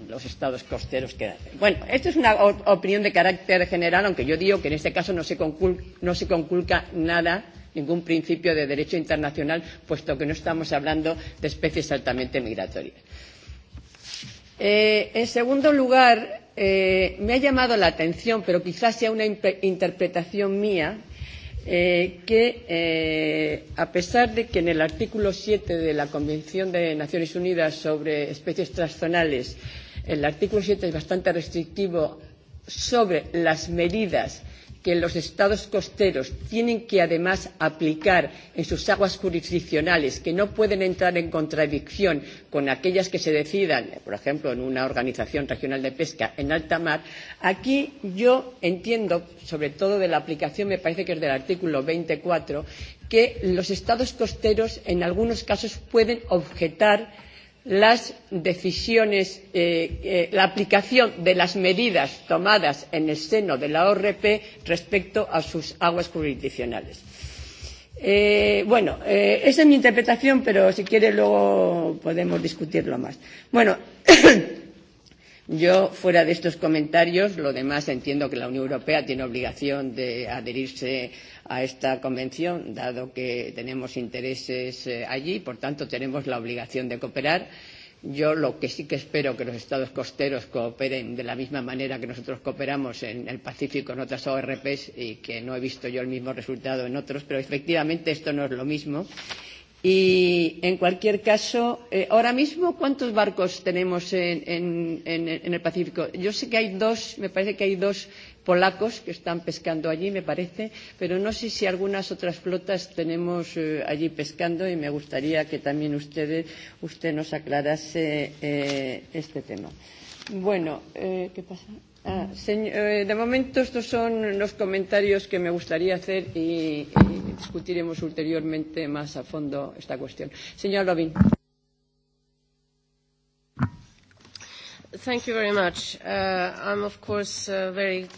los estados costeros quedan. Bueno, esto es una opinión de carácter general, aunque yo digo que en este caso no se, no se conculca nada ningún principio de derecho internacional, puesto que no estamos hablando de especies altamente migratorias. Eh, en segundo lugar, eh, me ha llamado la atención, pero quizás sea una interpretación mía, eh, que eh, a pesar de que en el artículo 7 de la Convención de Naciones Unidas sobre especies transzonales el artículo 7 es bastante restrictivo sobre las medidas que los estados costeros tienen que además aplicar en sus aguas jurisdiccionales, que no pueden entrar en contradicción con aquellas que se decidan, por ejemplo, en una organización regional de pesca en alta mar, aquí yo entiendo, sobre todo de la aplicación, me parece que es del artículo 24, que los estados costeros en algunos casos pueden objetar las decisiones, eh, eh, la aplicación de las medidas tomadas en el seno de la ORP respecto a sus aguas jurisdiccionales. Eh, bueno, eh, esa es mi interpretación, pero si quiere luego podemos discutirlo más. Bueno, Yo, fuera de estos comentarios, lo demás entiendo que la Unión Europea tiene obligación de adherirse a esta convención, dado que tenemos intereses eh, allí, por tanto, tenemos la obligación de cooperar. Yo lo que sí que espero que los estados costeros cooperen de la misma manera que nosotros cooperamos en el Pacífico en otras ORPs y que no he visto yo el mismo resultado en otros, pero efectivamente esto no es lo mismo Y, en cualquier caso, eh, ahora mismo, ¿cuántos barcos tenemos en, en, en, en el Pacífico? Yo sé que hay dos, me parece que hay dos polacos que están pescando allí, me parece, pero no sé si algunas otras flotas tenemos eh, allí pescando y me gustaría que también ustedes, usted nos aclarase eh, este tema. Bueno, eh, ¿qué pasa? de momento estos son los comentarios que me gustaría hacer y, discutiremos ulteriormente más a fondo esta cuestión. Señor Lobin. Thank you very much. Uh, I'm of course uh, very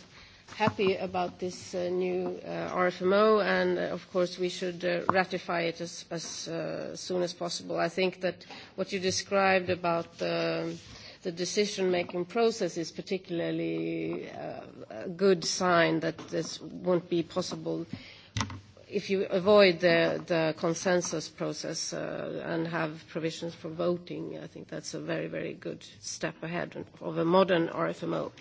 happy about this uh, new uh, RFMO and uh, of course we should uh, ratify it as, as uh, soon as possible. I think that what you described about uh, the decision-making process is particularly a good sign that this won't be possible if you avoid the, the consensus process uh, and have provisions for voting. I think that's a very, very good step ahead of a modern RFMO.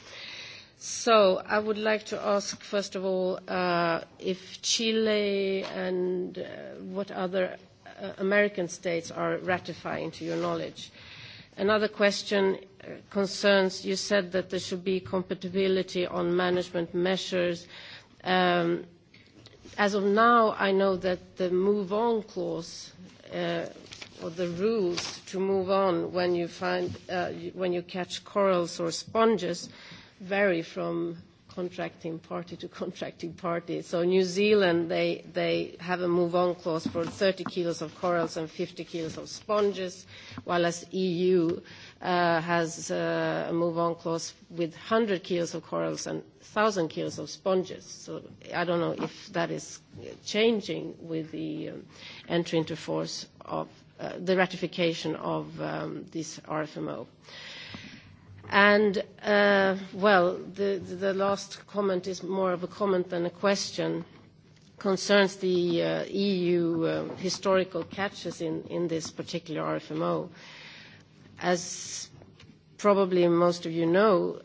So I would like to ask, first of all, if Chile and what other uh, American states are ratifying, to your knowledge. Another question concerns, you said that there should be compatibility on management measures. As of now, I know that the move on clause or the rules to move on when you find when you catch corals or sponges vary from contracting party to contracting party. So New Zealand, they, they have a move-on clause for 30 kilos of corals and 50 kilos of sponges, while as EU uh, has uh, a move-on clause with 100 kilos of corals and 1,000 kilos of sponges. So I don't know if that is changing with the um, entry into force of uh, the ratification of um, this RFMO. Uh, And Well, the the last comment is more of a comment than a question. Concerns the EU historical catches in in this particular RFMO. As probably most of you know,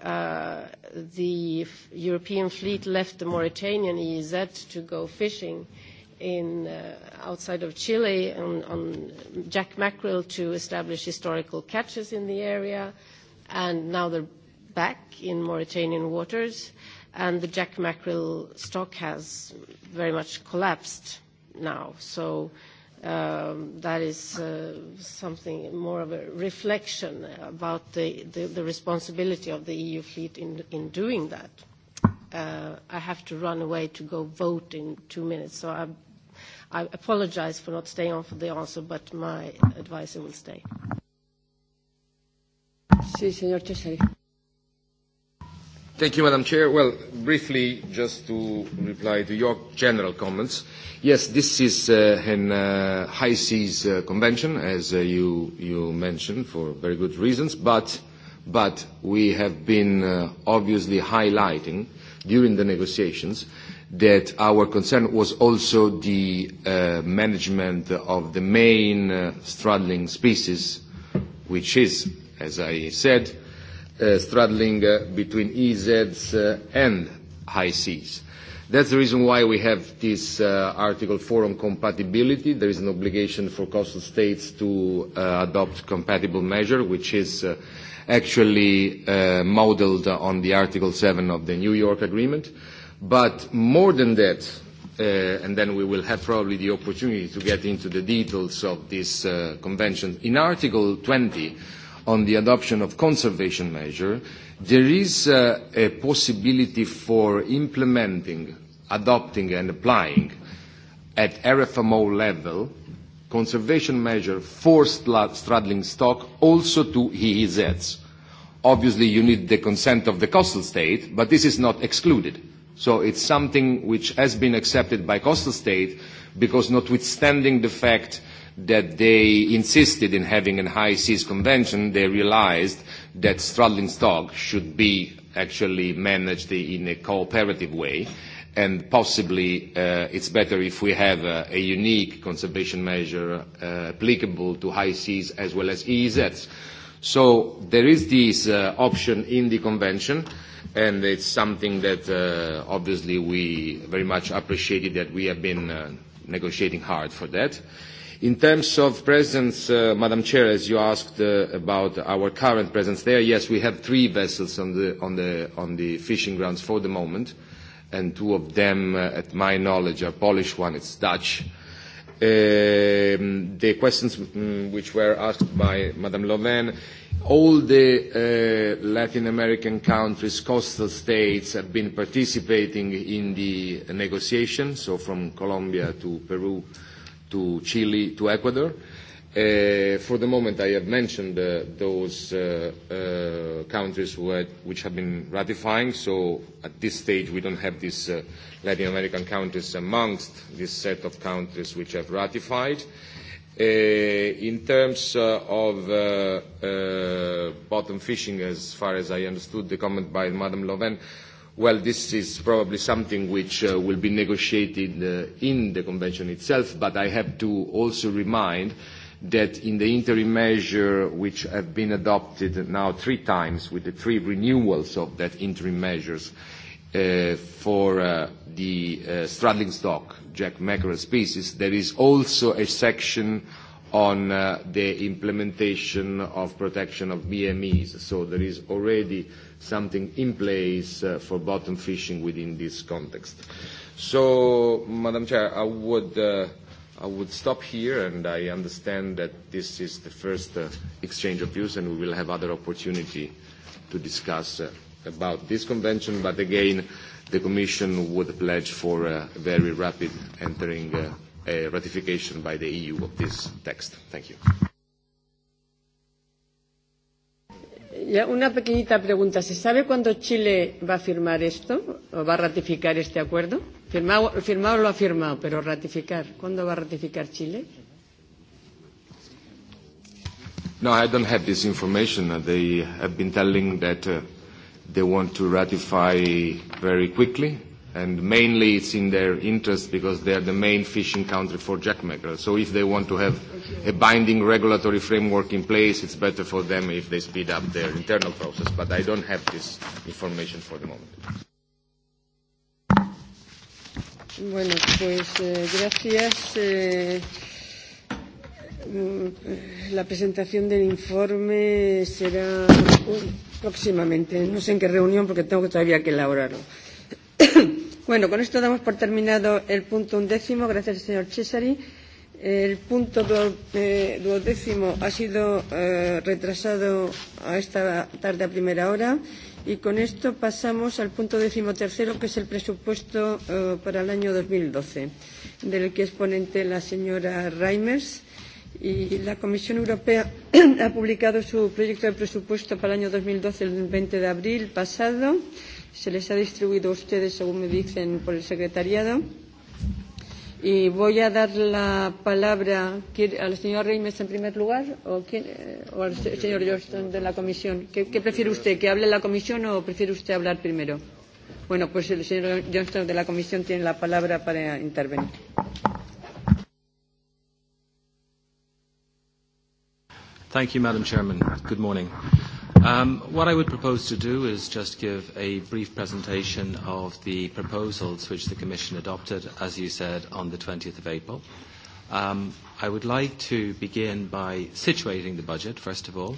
the European fleet left the Mauritanian EEZ to go fishing in outside of Chile on jack mackerel to establish historical catches in the area and now they're back in Mauritanian waters, and the jack mackerel stock has very much collapsed now. So that is something more of a reflection about the, the, the responsibility of the EU fleet in, in doing that. Uh, I have to run away to go vote in two minutes, so I, I apologize for not staying on for the answer, but my advisor will stay. Sí, señor Thank you, Madam Chair. Well, briefly, just to reply to your general comments. Yes, this is uh, an uh, high seas uh, convention, as uh, you, you mentioned, for very good reasons, but, but we have been uh, obviously highlighting during the negotiations that our concern was also the uh, management of the main uh, struggling species, which is as I said, uh, straddling uh, between EZs uh, and high seas. That's the reason why we have this uh, Article 4 on compatibility. There is an obligation for coastal states to uh, adopt compatible measure, which is uh, actually uh, modeled on the Article 7 of the New York Agreement. But more than that, uh, and then we will have probably the opportunity to get into the details of this uh, convention, in Article 20, on the adoption of conservation measure, there is uh, a possibility for implementing, adopting and applying at RFMO level conservation measure for straddling stock also to EEZs. Obviously, you need the consent of the coastal state, but this is not excluded. So it's something which has been accepted by coastal state because notwithstanding the fact that they insisted in having a high seas convention, they realized that straddling stock should be actually managed in a cooperative way. And possibly uh, it's better if we have uh, a unique conservation measure uh, applicable to high seas as well as EEZs. So there is this uh, option in the convention, and it's something that uh, obviously we very much appreciated that we have been uh, negotiating hard for that. Uh, In terms of presence, Madam Chair, as you asked about our current presence there, yes, we have three vessels on the, on the, on the fishing grounds for the moment, and two of them, uh, at my knowledge, are Polish, one is Dutch. the questions which were asked by Madam Loven, all the uh, Latin American countries, coastal states have been participating in the negotiation, so from Colombia to Peru, to Chile, to Ecuador. for the moment, I have mentioned those countries which have been ratifying, so at this stage we don't have these Latin American countries amongst this set of countries which have ratified. in terms of bottom fishing, as far as I understood the comment by Madam Loven, Well, this is probably something which uh, will be negotiated uh, in the convention itself, but I have to also remind that in the interim measure, which have been adopted now three times with the three renewals of that interim measures uh, for uh, the uh, straddling stock, jack mackerel species, there is also a section uh, on the implementation of protection of BMEs. So there is already something in place for bottom fishing within this context. So, Madam Chair, I would uh I would stop here, and I understand that this is the first exchange of views, and we will have other opportunity to discuss about this convention. But again, the Commission would pledge for a very rapid entering uh ratification by the EU of this text. Thank you. Una pequeñita pregunta. ¿Se sabe cuándo Chile va a firmar esto o va a ratificar este acuerdo? Firmado, firmado lo ha firmado, pero ratificar. ¿Cuándo va a ratificar Chile? No, I don't have this information. They have been telling that uh, they want to ratify very quickly and mainly it's in their interest because they are the main fishing country for jack mackerel. So if they want to have a binding regulatory framework in place, it's better for them if they speed up their internal process. But I don't have this information for the moment. Bueno, pues eh, gracias. Eh, la presentación del informe será uh, próximamente. No sé en qué reunión porque tengo todavía que elaborarlo. Bueno, con esto damos por terminado el punto undécimo. Gracias, señor Cesari. El punto duodécimo ha sido eh, retrasado a esta tarde a primera hora. Y con esto pasamos al punto decimotercero, que es el presupuesto eh, para el año 2012, del que es ponente la señora Reimers. Y la Comisión Europea ha publicado su proyecto de presupuesto para el año 2012 el 20 de abril pasado se les ha distribuido a ustedes, según me dicen, por el secretariado. Y voy a dar la palabra al señor Reimes en primer lugar o, quién, o al señor Johnston de la comisión. ¿Qué, ¿Qué prefiere usted? ¿Que hable la comisión o prefiere usted hablar primero? Bueno, pues el señor Johnston de la comisión tiene la palabra para intervenir. Thank you, Madam Chairman. Good morning. What I would propose to do is just give a brief presentation of the proposals which the Commission adopted, as you said, on the 20th of April. I would like to begin by situating the budget, first of all.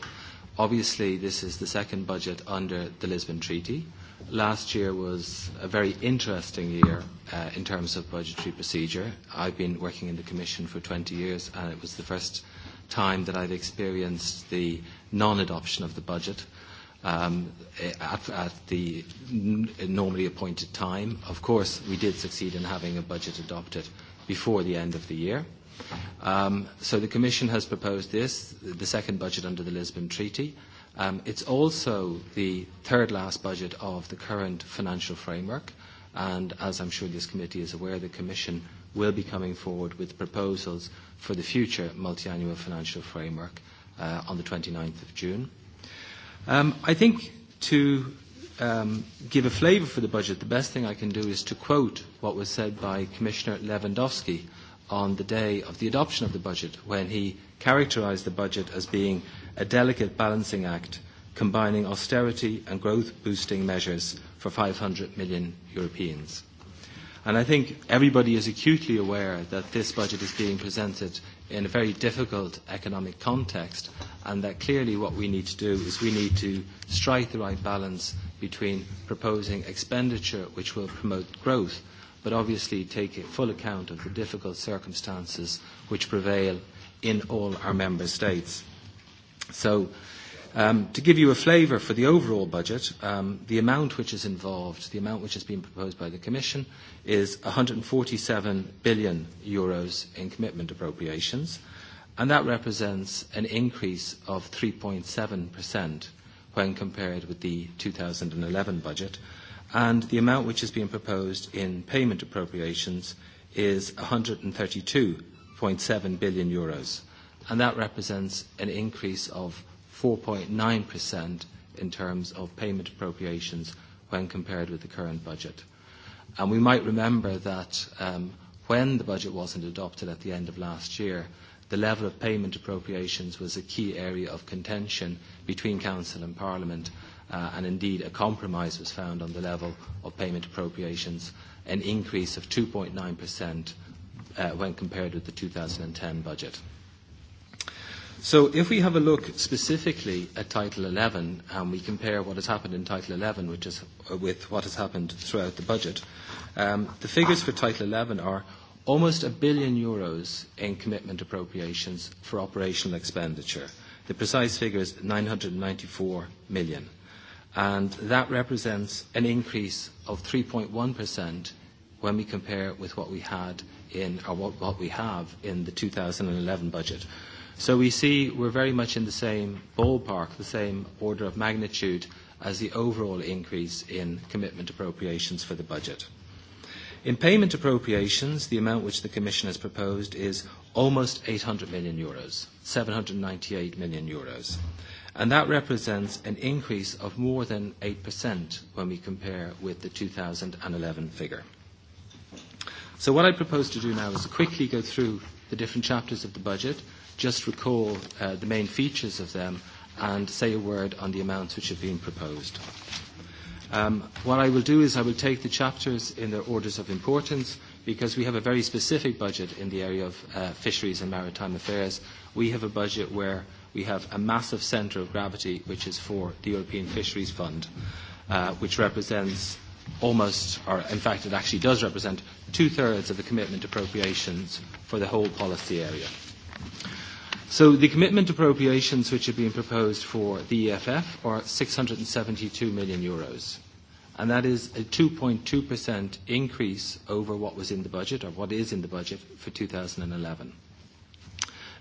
Obviously, this is the second budget under the Lisbon Treaty. Last year was a very interesting year uh, in terms of budgetary procedure. I've been working in the Commission for 20 years, and it was the first time that I've experienced the non-adoption of the budget um, at, at the normally appointed time. Of course, we did succeed in having a budget adopted before the end of the year. Um, so the Commission has proposed this, the second budget under the Lisbon Treaty. Um, it's also the third last budget of the current financial framework. And as I'm sure this committee is aware, the Commission will be coming forward with proposals for the future multi-annual financial framework uh, on the 29th of June. Um, I think to um, give a flavour for the budget, the best thing I can do is to quote what was said by Commissioner Lewandowski on the day of the adoption of the budget, when he characterised the budget as being a delicate balancing act combining austerity and growth boosting measures for 500 million Europeans. And I think everybody is acutely aware that this budget is being presented in a very difficult economic context and that clearly what we need to do is we need to strike the right balance between proposing expenditure which will promote growth but obviously take full account of the difficult circumstances which prevail in all our member states. So to give you a flavour for the overall budget, the amount which is involved, the amount which has been proposed by the Commission, is 147 billion euros in commitment appropriations, and that represents an increase of 3.7% when compared with the 2011 budget. And the amount which is being proposed in payment appropriations is 132.7 billion euros, and that represents an increase of 4.9% in terms of payment appropriations when compared with the current budget. we might remember that when the budget wasn't adopted at the end of last year, the level of payment appropriations was a key area of contention between Council and Parliament, and indeed a compromise was found on the level of payment appropriations, an increase of 2.9% when compared with the 2010 budget. So if we have a look specifically at Title 11 and we compare what has happened in Title 11 which is, with what has happened throughout the budget, um, the figures for Title 11 are almost a billion euros in commitment appropriations for operational expenditure. The precise figure is 994 million. And that represents an increase of 3.1% when we compare it with what we had in, or what, what we have in the 2011 budget. So we see we're very much in the same ballpark, the same order of magnitude as the overall increase in commitment appropriations for the budget. In payment appropriations, the amount which the Commission has proposed is almost 800 million euros, 798 million euros. And that represents an increase of more than 8% when we compare with the 2011 figure. So what I propose to do now is quickly go through the different chapters of the budget just recall uh, the main features of them and say a word on the amounts which have been proposed. Um, what I will do is I will take the chapters in their orders of importance because we have a very specific budget in the area of uh, fisheries and maritime affairs. We have a budget where we have a massive centre of gravity, which is for the European Fisheries Fund, uh, which represents almost, or in fact, it actually does represent two thirds of the commitment appropriations for the whole policy area. So the commitment appropriations which are being proposed for the EFF are 672 million euros. And that is a 2.2% increase over what was in the budget, or what is in the budget, for 2011.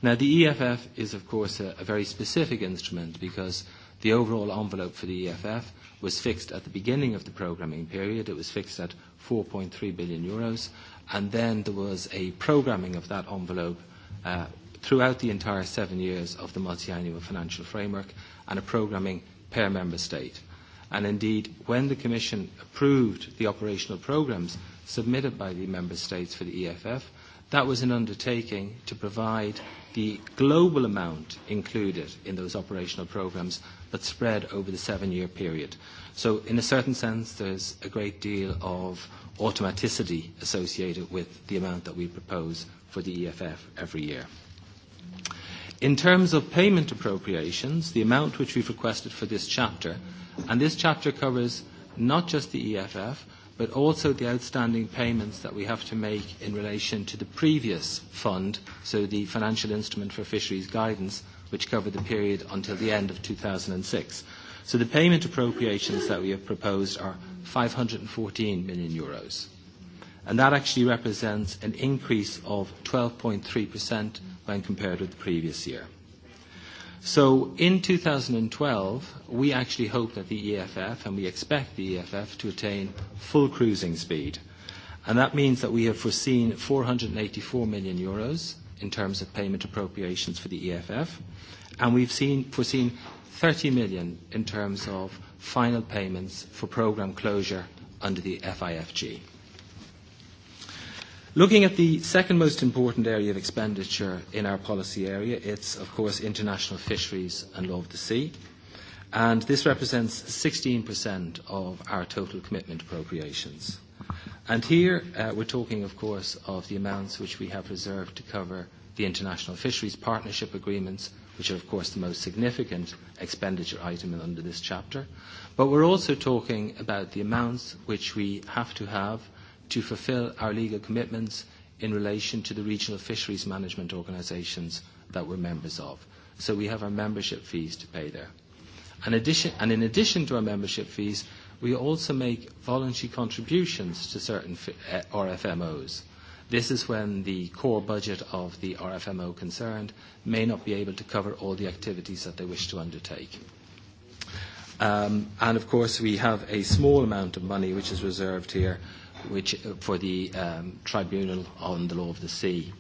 Now, the EFF is, of course, a, a very specific instrument because the overall envelope for the EFF was fixed at the beginning of the programming period. It was fixed at 4.3 billion euros. And then there was a programming of that envelope uh, throughout the entire seven years of the multiannual financial framework and a programming per member state. And indeed, when the Commission approved the operational programmes submitted by the member states for the EFF, that was an undertaking to provide the global amount included in those operational programmes, but spread over the seven-year period. So in a certain sense, there's a great deal of automaticity associated with the amount that we propose for the EFF every year. In terms of payment appropriations, the amount which we've requested for this chapter, and this chapter covers not just the EFF, but also the outstanding payments that we have to make in relation to the previous fund, so the Financial Instrument for Fisheries Guidance, which covered the period until the end of 2006. So the payment appropriations that we have proposed are 514 million euros and that actually represents an increase of 12.3% when compared with the previous year. So in 2012, we actually hope that the EFF, and we expect the EFF, to attain full cruising speed. And that means that we have foreseen 484 million euros in terms of payment appropriations for the EFF, and we've seen, foreseen 30 million in terms of final payments for program closure under the FIFG. Looking at the second most important area of expenditure in our policy area, it's of course international fisheries and law of the sea. And this represents 16% of our total commitment appropriations. And here uh, we're talking, of course, of the amounts which we have reserved to cover the international fisheries partnership agreements, which are, of course, the most significant expenditure item under this chapter. But we're also talking about the amounts which we have to have to fulfill our legal commitments in relation to the regional fisheries management organisations that we're members of. So we have our membership fees to pay there. And, addition, and in addition to our membership fees, we also make voluntary contributions to certain RFMOs. This is when the core budget of the RFMO concerned may not be able to cover all the activities that they wish to undertake. Um, and of course, we have a small amount of money which is reserved here which, for the um, Tribunal on the Law of the Sea.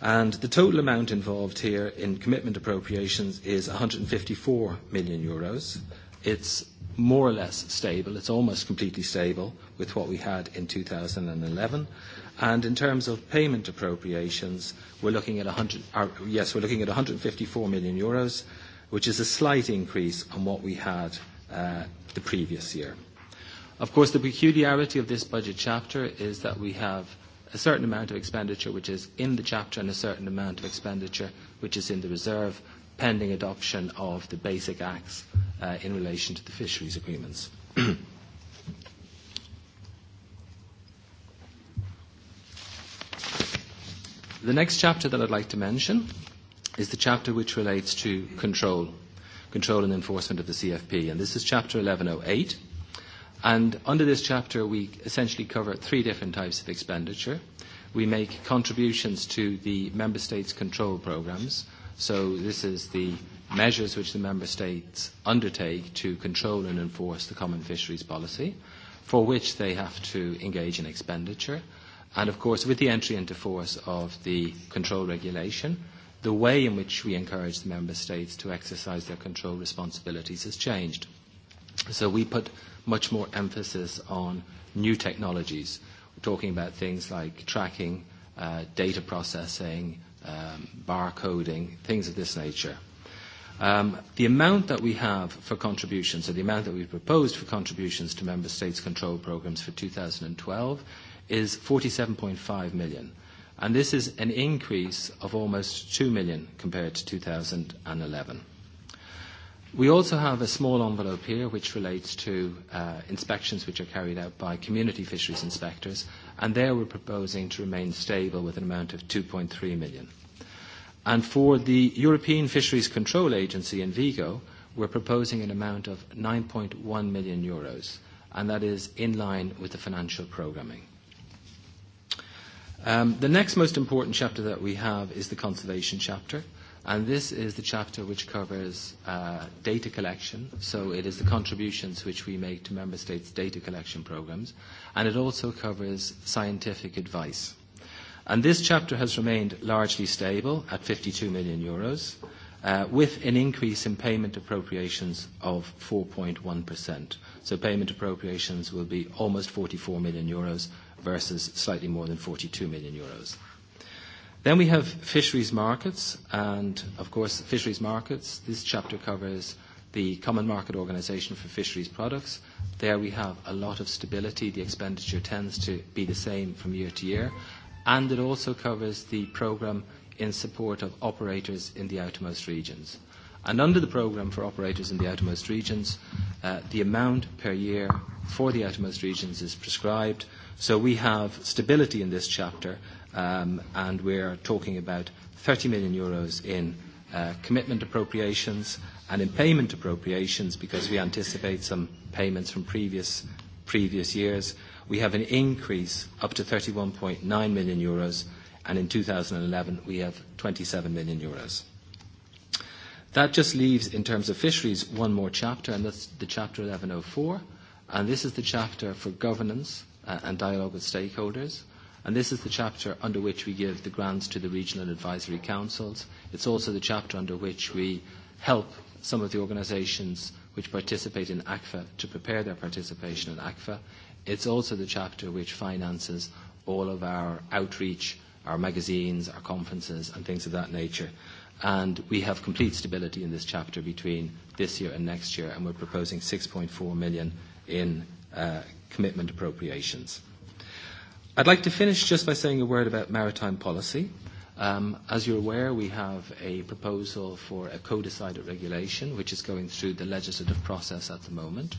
And the total amount involved here in commitment appropriations is 154 million euros. It's more or less stable. It's almost completely stable with what we had in 2011. And in terms of payment appropriations, we're looking at 100, or yes, we're looking at 154 million euros, which is a slight increase on what we had uh, the previous year. Of course, the peculiarity of this budget chapter is that we have a certain amount of expenditure which is in the chapter and a certain amount of expenditure which is in the reserve pending adoption of the basic acts uh, in relation to the fisheries agreements. the next chapter that I'd like to mention is the chapter which relates to control, control and enforcement of the CFP, and this is chapter 1108 And under this chapter, we essentially cover three different types of expenditure. We make contributions to the member states' control programs. So this is the measures which the member states undertake to control and enforce the common fisheries policy, for which they have to engage in expenditure. And of course, with the entry into force of the control regulation, the way in which we encourage the member states to exercise their control responsibilities has changed. So we put much more emphasis on new technologies. We're talking about things like tracking, data processing, barcoding, things of this nature. the amount that we have for contributions, or the amount that we've proposed for contributions to member states' control programs for 2012, is 47.5 million. And this is an increase of almost 2 million compared to 2011. We also have a small envelope here which relates to uh, inspections which are carried out by community fisheries inspectors, and there we're proposing to remain stable with an amount of 2.3 million. And for the European Fisheries Control Agency in Vigo, we're proposing an amount of 9.1 million euros, and that is in line with the financial programming. Um, the next most important chapter that we have is the conservation chapter. And this is the chapter which covers uh, data collection. So it is the contributions which we make to member states' data collection programs. And it also covers scientific advice. And this chapter has remained largely stable at 52 million euros, uh, with an increase in payment appropriations of 4.1%. So payment appropriations will be almost 44 million euros versus slightly more than 42 million euros. Then we have fisheries markets, and of course, fisheries markets. This chapter covers the Common Market Organization for Fisheries Products. There we have a lot of stability. The expenditure tends to be the same from year to year. And it also covers the program in support of operators in the outermost regions. And under the programme for operators in the outermost regions, uh, the amount per year for the outermost regions is prescribed. So we have stability in this chapter and we are talking about 30 million euros in commitment appropriations and in payment appropriations because we anticipate some payments from previous, years. We have an increase up to 31.9 million euros and in 2011 we have 27 million euros. That just leaves, in terms of fisheries, one more chapter, and that's the chapter 1104. And this is the chapter for governance and dialogue with stakeholders. And this is the chapter under which we give the grants to the regional advisory councils. It's also the chapter under which we help some of the organisations which participate in ACFA to prepare their participation in ACFA. It's also the chapter which finances all of our outreach, our magazines, our conferences, and things of that nature. And we have complete stability in this chapter between this year and next year, and we're proposing 6.4 million in uh, commitment appropriations. I'd like to finish just by saying a word about maritime policy. Um, as you're aware, we have a proposal for a co-decided regulation, which is going through the legislative process at the moment.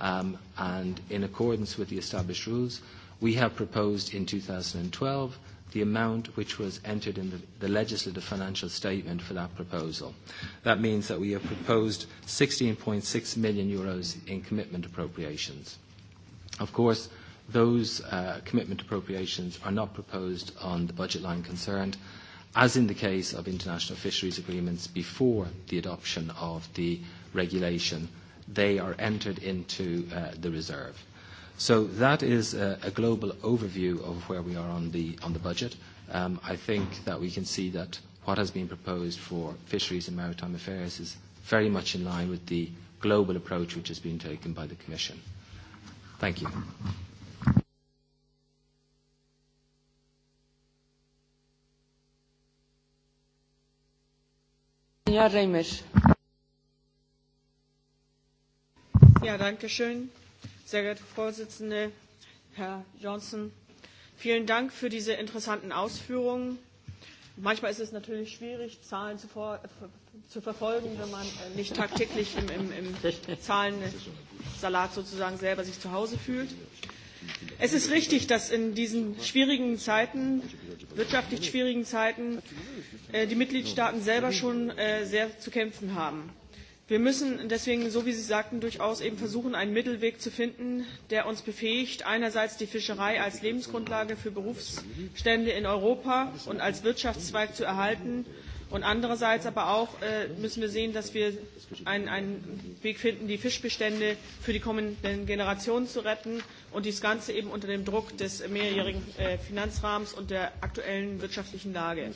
Um, and in accordance with the established rules, we have proposed in 2012 the amount which was entered in the, the legislative financial statement for that proposal. That means that we have proposed 16.6 million euros in commitment appropriations. Of course, Those uh, commitment appropriations are not proposed on the budget line concerned, as in the case of international fisheries agreements before the adoption of the regulation. They are entered into uh, the reserve. So that is a, a global overview of where we are on the, on the budget. Um, I think that we can see that what has been proposed for fisheries and maritime affairs is very much in line with the global approach which has been taken by the Commission. Thank you. Señora Reimers. danke schön, sehr geehrte Vorsitzende, Herr Johnson. Vielen Dank für diese interessanten Ausführungen. Manchmal ist es natürlich schwierig, Zahlen zu, vor, zu verfolgen, wenn man nicht tagtäglich im, im, im Zahlensalat sozusagen selber sich zu Hause fühlt. Es ist richtig, dass in diesen schwierigen Zeiten wirtschaftlich schwierigen Zeiten die Mitgliedstaaten selber schon sehr zu kämpfen haben. Wir müssen deswegen, so wie Sie sagten, durchaus eben versuchen, einen Mittelweg zu finden, der uns befähigt, einerseits die Fischerei als Lebensgrundlage für Berufsstände in Europa und als Wirtschaftszweig zu erhalten Und andererseits aber auch müssen wir sehen, dass wir einen, Weg finden, die Fischbestände für die kommenden Generationen zu retten und dies Ganze eben unter dem Druck des mehrjährigen Finanzrahmens und der aktuellen wirtschaftlichen Lage.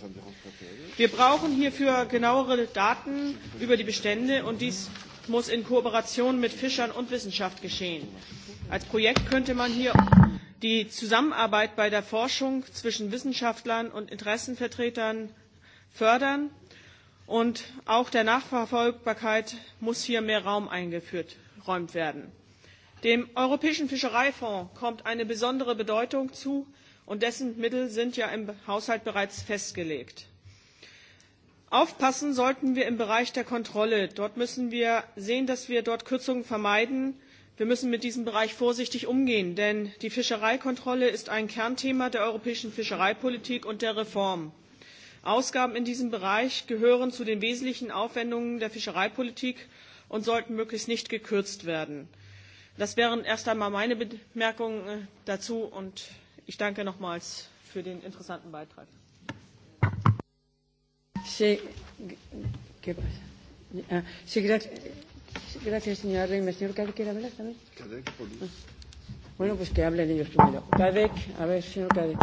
Wir brauchen hierfür genauere Daten über die Bestände und dies muss in Kooperation mit Fischern und Wissenschaft geschehen. Als Projekt könnte man hier die Zusammenarbeit bei der Forschung zwischen Wissenschaftlern und Interessenvertretern fördern. Und auch der Nachverfolgbarkeit muss hier mehr Raum eingeräumt werden. Dem Europäischen Fischereifonds kommt eine besondere Bedeutung zu, und dessen Mittel sind ja im Haushalt bereits festgelegt. Aufpassen sollten wir im Bereich der Kontrolle. Dort müssen wir sehen, dass wir dort Kürzungen vermeiden. Wir müssen mit diesem Bereich vorsichtig umgehen, denn die Fischereikontrolle ist ein Kernthema der europäischen Fischereipolitik und der Reform. Ausgaben in diesem Bereich gehören zu den wesentlichen Aufwendungen der Fischereipolitik und sollten möglichst nicht gekürzt werden. Das wären erst einmal meine Bemerkungen dazu und ich danke nochmals für den interessanten Beitrag. Bueno, pues que hablen ellos primero. Cadec, a ver, señor Cadec.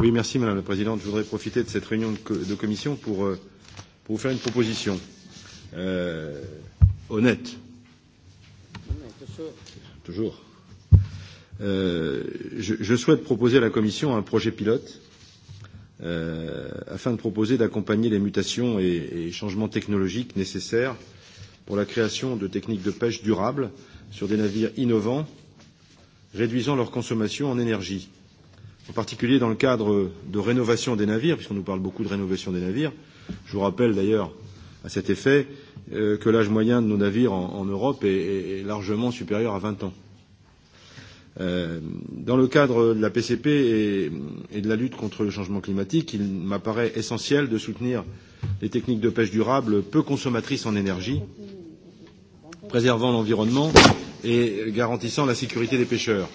Oui, merci Madame la Présidente. Je voudrais profiter de cette réunion de, de commission pour, pour vous faire une proposition euh, honnête. Toujours. Euh, je, je souhaite proposer à la Commission un projet pilote euh, afin de proposer d'accompagner les mutations et, et changements technologiques nécessaires pour la création de techniques de pêche durables sur des navires innovants, réduisant leur consommation en énergie en particulier dans le cadre de rénovation des navires, puisqu'on nous parle beaucoup de rénovation des navires. Je vous rappelle d'ailleurs à cet effet euh, que l'âge moyen de nos navires en, en Europe est, est, largement supérieur à 20 ans. Euh, dans le cadre de la PCP et, et de la lutte contre le changement climatique, il m'apparaît essentiel de soutenir les techniques de pêche durable peu consommatrices en énergie, préservant l'environnement et garantissant la sécurité des pêcheurs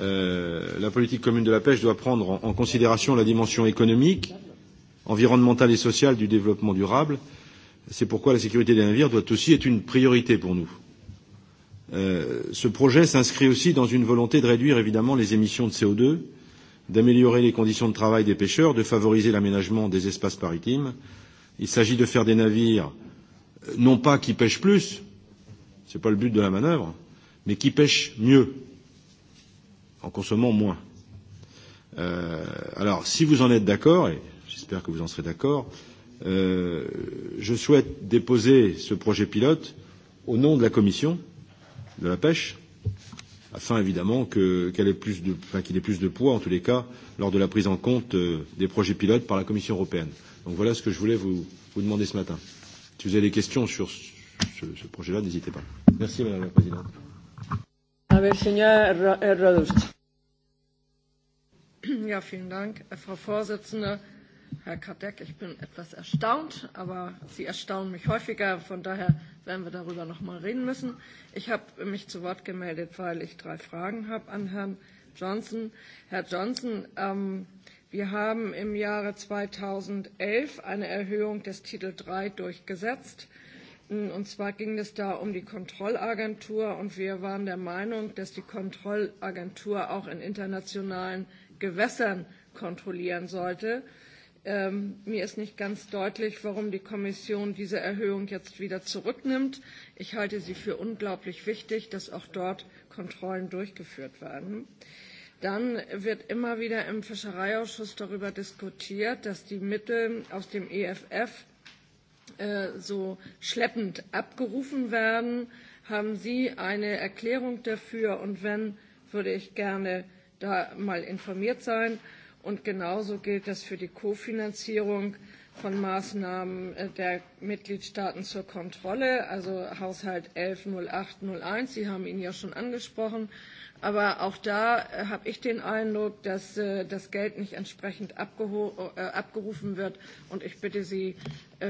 la politique commune de la pêche doit prendre en, considération la dimension économique, environnementale et sociale du développement durable. C'est pourquoi la sécurité des navires doit aussi être une priorité pour nous. ce projet s'inscrit aussi dans une volonté de réduire évidemment les émissions de co deux, d'améliorer les conditions de travail des pêcheurs, de favoriser l'aménagement des espaces maritimes. Il s'agit de faire des navires non pas qui pêchent plus, ce n'est pas le but de la manœuvre, mais qui pêchent mieux en consommant moins. Euh, alors, si vous en êtes d'accord, et j'espère que vous en serez d'accord, euh, je souhaite déposer ce projet pilote au nom de la Commission de la pêche, afin évidemment que, qu'elle ait plus de, enfin, qu'il ait plus de poids, en tous les cas, lors de la prise en compte des projets pilotes par la Commission européenne. Donc voilà ce que je voulais vous, vous demander ce matin. Si vous avez des questions sur ce, ce projet-là, n'hésitez pas. Merci Madame la Présidente. A ver, señor Rodust. Frau Vorsitzende. Herr cadec! ich bin etwas erstaunt, aber Sie erstaunen mich häufiger. Von daher werden wir darüber noch mal reden müssen. Ich habe mich zu Wort gemeldet, weil ich drei Fragen habe an Herrn Johnson. Herr Johnson, wir haben im Jahre zweitausendelf eine Erhöhung des Titel III durchgesetzt. Und zwar ging es da um die Kontrollagentur und wir waren der Meinung, dass die Kontrollagentur auch in internationalen Gewässern kontrollieren sollte. mir ist nicht ganz deutlich, warum die Kommission diese Erhöhung jetzt wieder zurücknimmt. Ich halte sie für unglaublich wichtig, dass auch dort Kontrollen durchgeführt werden. Dann wird immer wieder im Fischereiausschuss darüber diskutiert, dass die Mittel aus dem EFF so schleppend abgerufen werden. Haben Sie eine Erklärung dafür? Und wenn, würde ich gerne da mal informiert sein. Und genauso gilt das für die Kofinanzierung von Maßnahmen der Mitgliedstaaten zur Kontrolle, also Haushalt 110801. Sie haben ihn ja schon angesprochen. Aber auch da habe ich den Eindruck, dass das Geld nicht entsprechend abgerufen wird. Und ich bitte Sie,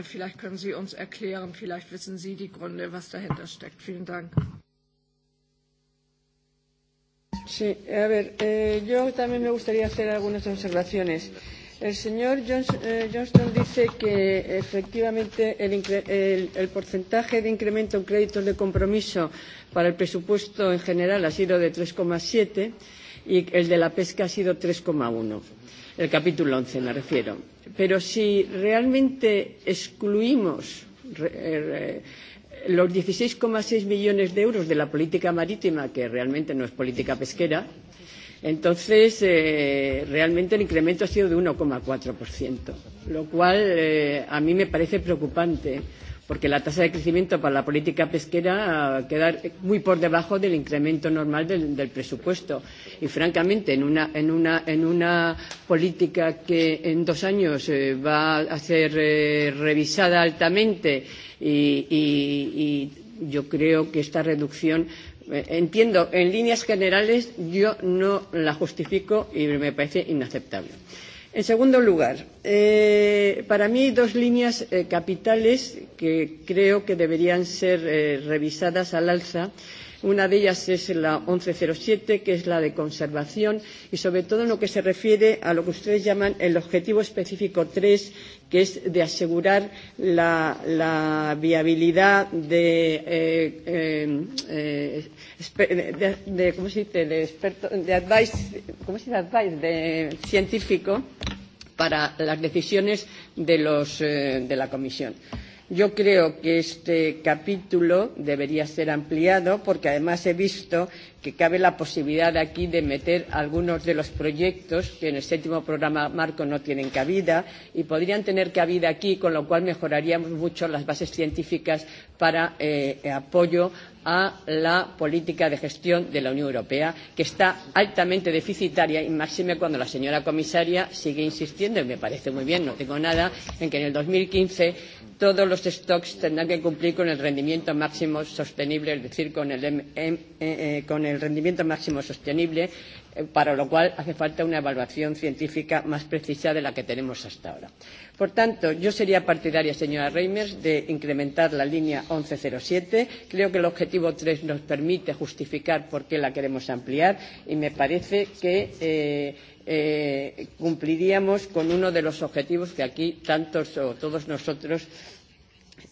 vielleicht können Sie uns erklären, vielleicht wissen Sie die Gründe, was dahinter steckt. Vielen Dank. Sí, a ver, eh, yo también me gustaría hacer algunas observaciones. El señor Johnston dice que efectivamente el, el, el porcentaje de incremento en créditos de compromiso para el presupuesto en general ha sido de 3,7 y el de la pesca ha sido 3,1. El capítulo 11 me refiero. Pero si realmente excluimos re los 16,6 millones de euros de la política marítima, que realmente no es política pesquera, entonces eh, realmente el incremento ha sido de 1,4%, lo cual eh, a mí me parece preocupante porque la tasa de crecimiento para la política pesquera queda muy por debajo del incremento normal del, del presupuesto. Y francamente, en una, en una, en una política que en dos años eh, va a ser eh, revisada altamente y, y, y yo creo que esta reducción Entiendo, en líneas generales yo no la justifico y me parece inaceptable. Eh, En segundo lugar, eh, para mí hay dos líneas eh, capitales que creo que deberían ser eh, revisadas al alza Una de ellas es la 1107, que es la de conservación, y sobre todo en lo que se refiere a lo que ustedes llaman el objetivo específico 3, que es de asegurar la, la viabilidad de, eh, eh, de, de, ¿cómo se dice? de experto, de advice, ¿cómo se dice advice? de científico para las decisiones de, los, eh, de la comisión. Eh, Yo creo que este capítulo debería ser ampliado porque además he visto que cabe la posibilidad aquí de meter algunos de los proyectos que en el séptimo programa marco no tienen cabida y podrían tener cabida aquí, con lo cual mejoraríamos mucho las bases científicas para eh, apoyo a la política de gestión de la Unión Europea, que está altamente deficitaria y máxime cuando la señora comisaria sigue insistiendo, y me parece muy bien, no tengo nada, en que en el 2015 todos los stocks tendrán que cumplir con el rendimiento máximo sostenible, es decir, con el, M M eh, con el rendimiento máximo sostenible, eh, para lo cual hace falta una evaluación científica más precisa de la que tenemos hasta ahora. Por tanto, yo sería partidaria, señora Reimers, de incrementar la línea 1107. Creo que el objetivo 3 nos permite justificar por qué la queremos ampliar y me parece que. Eh, eh, cumpliríamos con uno de los objetivos que aquí tantos o todos nosotros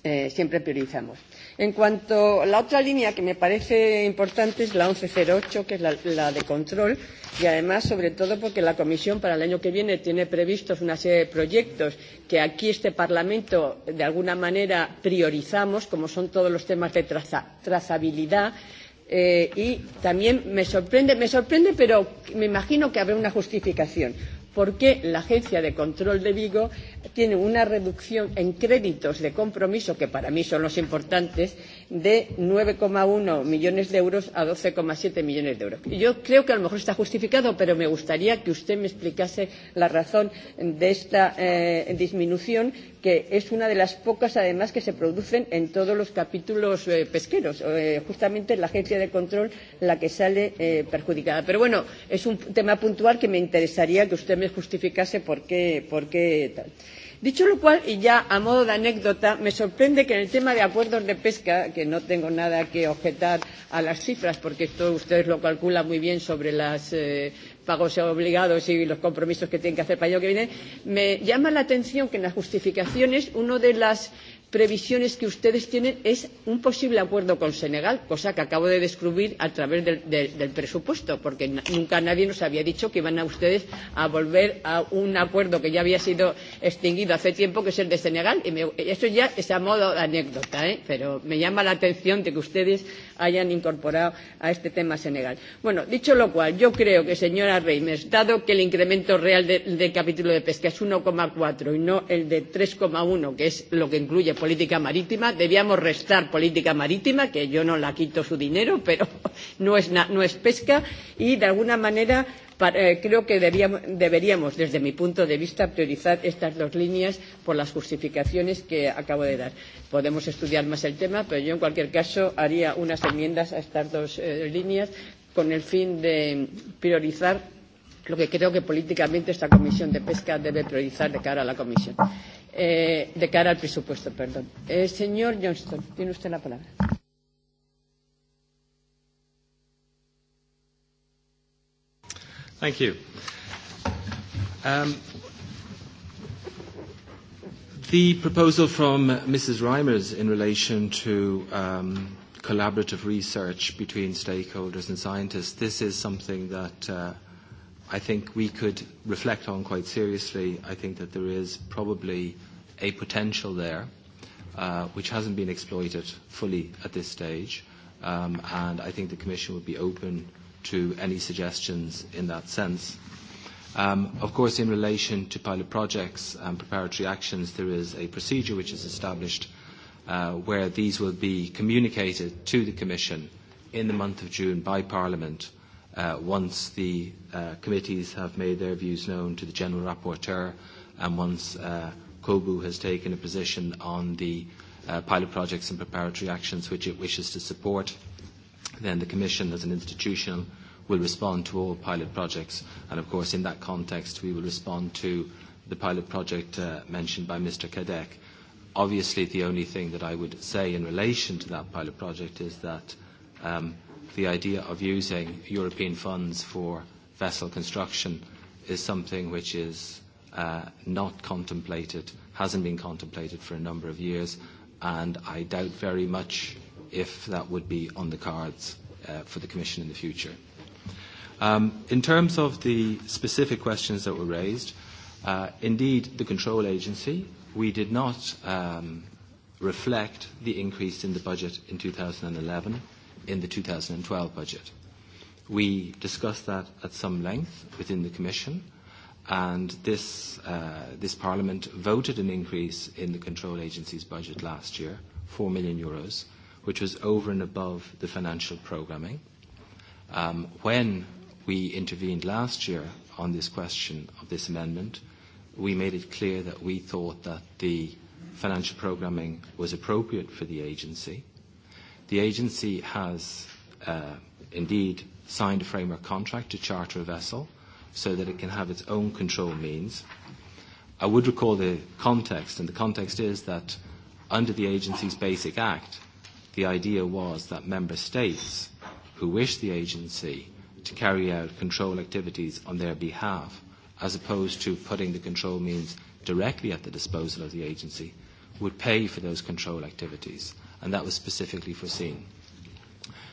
eh, siempre priorizamos. En cuanto a la otra línea que me parece importante es la 1108, que es la, la de control, y además, sobre todo, porque la Comisión para el año que viene tiene previstos una serie de proyectos que aquí este Parlamento, de alguna manera, priorizamos, como son todos los temas de traza, trazabilidad, eh, y también me sorprende, me sorprende, pero me imagino que habrá una justificación. ¿Por qué la Agencia de Control de Vigo tiene una reducción en créditos de compromiso, que para mí son los importantes, de 9,1 millones de euros a 12,7 millones de euros. Y yo creo que a lo mejor está justificado, pero me gustaría que usted me explicase la razón de esta eh, disminución, que es una de las pocas, además, que se producen en todos los capítulos eh, pesqueros. Eh, justamente la agencia de control la que sale eh, perjudicada. Pero bueno, es un tema puntual que me interesaría que usted me justificase por qué, por qué tal. Dicho lo cual, y ya a modo de anécdota, me sorprende que en el tema de acuerdos de pesca, que no tengo nada que objetar a las cifras, porque esto ustedes lo calculan muy bien sobre los eh, pagos obligados y los compromisos que tienen que hacer para el año que viene, me llama la atención que en las justificaciones uno de las previsiones que ustedes tienen es un posible acuerdo con Senegal, cosa que acabo de descubrir a través del, del, del presupuesto, porque nunca nadie nos había dicho que iban a ustedes a volver a un acuerdo que ya había sido extinguido hace tiempo, que es el de Senegal. Y me, eso ya es a modo de anécdota, ¿eh? pero me llama la atención de que ustedes hayan incorporado a este tema Senegal. Bueno, dicho lo cual, yo creo que, señora Reimers, dado que el incremento real de, del capítulo de pesca es 1,4 y no el de 3,1, que es lo que incluye política marítima, debíamos restar política marítima, que yo no la quito su dinero, pero no es, na, no es pesca, y de alguna manera para, eh, creo que debíamos, deberíamos, desde mi punto de vista, priorizar estas dos líneas por las justificaciones que acabo de dar. Podemos estudiar más el tema, pero yo, en cualquier caso, haría unas enmiendas a estas dos eh, líneas con el fin de priorizar lo que creo que políticamente esta Comisión de Pesca debe priorizar de cara a la Comisión eh, de cara al presupuesto, perdón. Eh, señor Johnston, tiene usted la palabra. Thank you. Um, the proposal from Mrs. Reimers in relation to um, collaborative research between stakeholders and scientists, this is something that uh, I think we could reflect on quite seriously. I think that there is probably a potential there uh, which hasn't been exploited fully at this stage. Um, and I think the Commission would be open to any suggestions in that sense. Um, of course, in relation to pilot projects and preparatory actions, there is a procedure which is established uh, where these will be communicated to the Commission in the month of June by Parliament once the uh, committees have made their views known to the General Rapporteur and once uh, COBU has taken a position on the uh, pilot projects and preparatory actions which it wishes to support, then the Commission as an institution will respond to all pilot projects. And of course, in that context, we will respond to the pilot project uh, mentioned by Mr. Kadek. Obviously, the only thing that I would say in relation to that pilot project is that um, the idea of using European funds for vessel construction is something which is uh, not contemplated, hasn't been contemplated for a number of years, and I doubt very much if that would be on the cards uh, for the Commission in the future. Um, in terms of the specific questions that were raised, uh, indeed, the control agency, we did not um, reflect the increase in the budget in 2011 in the 2012 budget. We discussed that at some length within the Commission, and this, uh, this Parliament voted an increase in the control agency's budget last year, 4 million euros, which was over and above the financial programming. Um, when we intervened last year on this question of this amendment, we made it clear that we thought that the financial programming was appropriate for the agency The agency has uh, indeed signed a framework contract to charter a vessel so that it can have its own control means. I would recall the context, and the context is that under the agency's Basic Act, the idea was that member states who wish the agency to carry out control activities on their behalf, as opposed to putting the control means directly at the disposal of the agency, would pay for those control activities and that was specifically foreseen.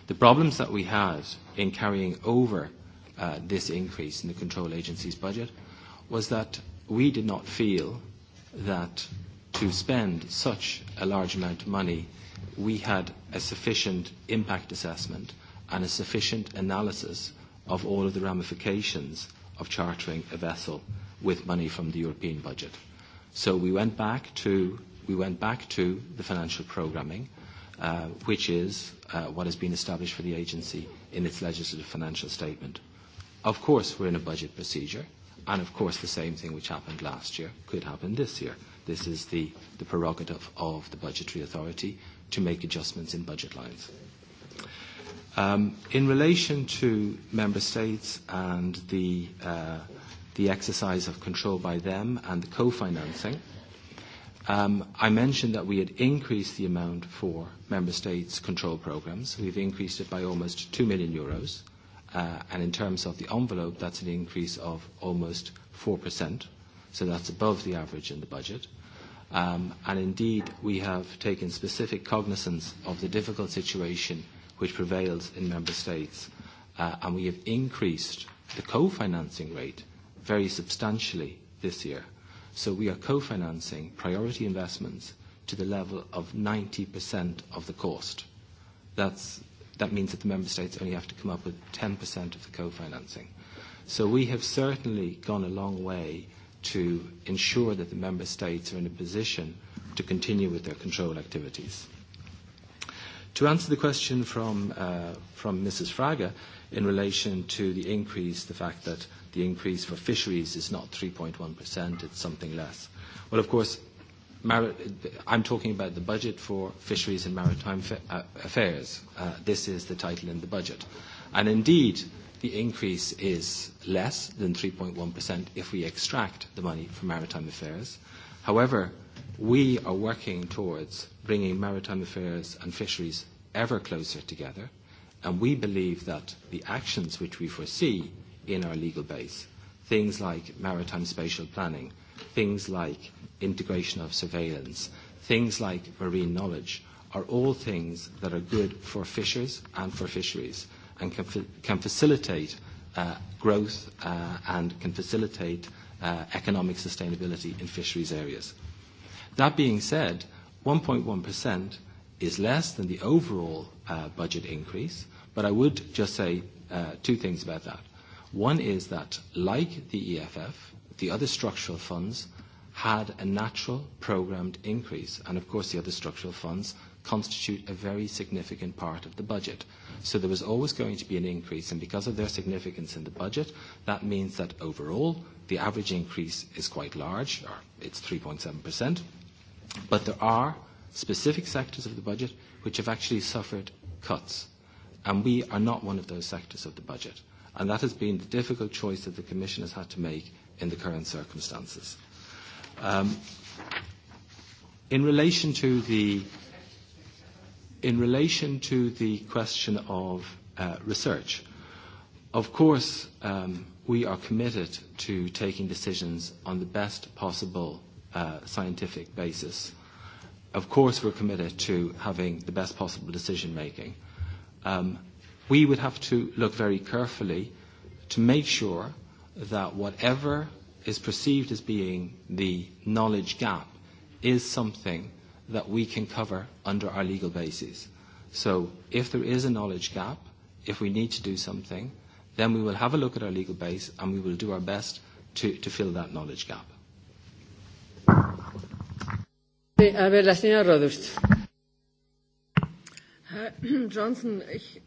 The problems that we had in carrying over uh, this increase in the control agency's budget was that we did not feel that to spend such a large amount of money, we had a sufficient impact assessment and a sufficient analysis of all of the ramifications of chartering a vessel with money from the European budget. So we went back to, we went back to the financial programming which is uh, what has been established for the agency in its legislative financial statement. Of course, we're in a budget procedure, and of course, the same thing which happened last year could happen this year. This is the, the prerogative of the budgetary authority to make adjustments in budget lines. Um, in relation to member states and the, uh, the exercise of control by them and the co-financing, I mentioned that we had increased the amount for member states' control programs. We've increased it by almost 2 million euros. and in terms of the envelope, that's an increase of almost 4%. So that's above the average in the budget. and indeed, we have taken specific cognizance of the difficult situation which prevails in member states. and we have increased the co-financing rate very substantially this year So we are co-financing priority investments to the level of 90% of the cost. That's, that means that the member states only have to come up with 10% of the co-financing. So we have certainly gone a long way to ensure that the member states are in a position to continue with their control activities. To answer the question from, uh, from Mrs. Fraga, in relation to the increase, the fact that the increase for fisheries is not 3.1%, it's something less. Well, of course, I'm talking about the budget for fisheries and maritime affairs. this is the title in the budget. And indeed, the increase is less than 3.1% if we extract the money from maritime affairs. However, we are working towards bringing maritime affairs and fisheries ever closer together we believe that the actions which we foresee in our legal base, things like maritime spatial planning, things like integration of surveillance, things like marine knowledge, are all things that are good for fishers and for fisheries and can, facilitate growth and can facilitate economic sustainability in fisheries areas. That being said, 1.1% is less than the overall budget increase, But I would just say uh, two things about that. One is that, like the EFF, the other structural funds had a natural programmed increase, and of course the other structural funds constitute a very significant part of the budget. So there was always going to be an increase, and because of their significance in the budget, that means that overall the average increase is quite large, or it's 3.7%, but there are specific sectors of the budget which have actually suffered cuts. And we are not one of those sectors of the budget. And that has been the difficult choice that the Commission has had to make in the current circumstances. Um, in relation to the in relation to the question of uh, research, of course, um, we are committed to taking decisions on the best possible uh, scientific basis. Of course, we're committed to having the best possible decision making. Uh, um, we would have to look very carefully to make sure that whatever is perceived as being the knowledge gap is something that we can cover under our legal basis. So if there is a knowledge gap, if we need to do something, then we will have a look at our legal base and we will do our best to, to fill that knowledge gap. a ver, la señora Rodust. Herr Johnson, ich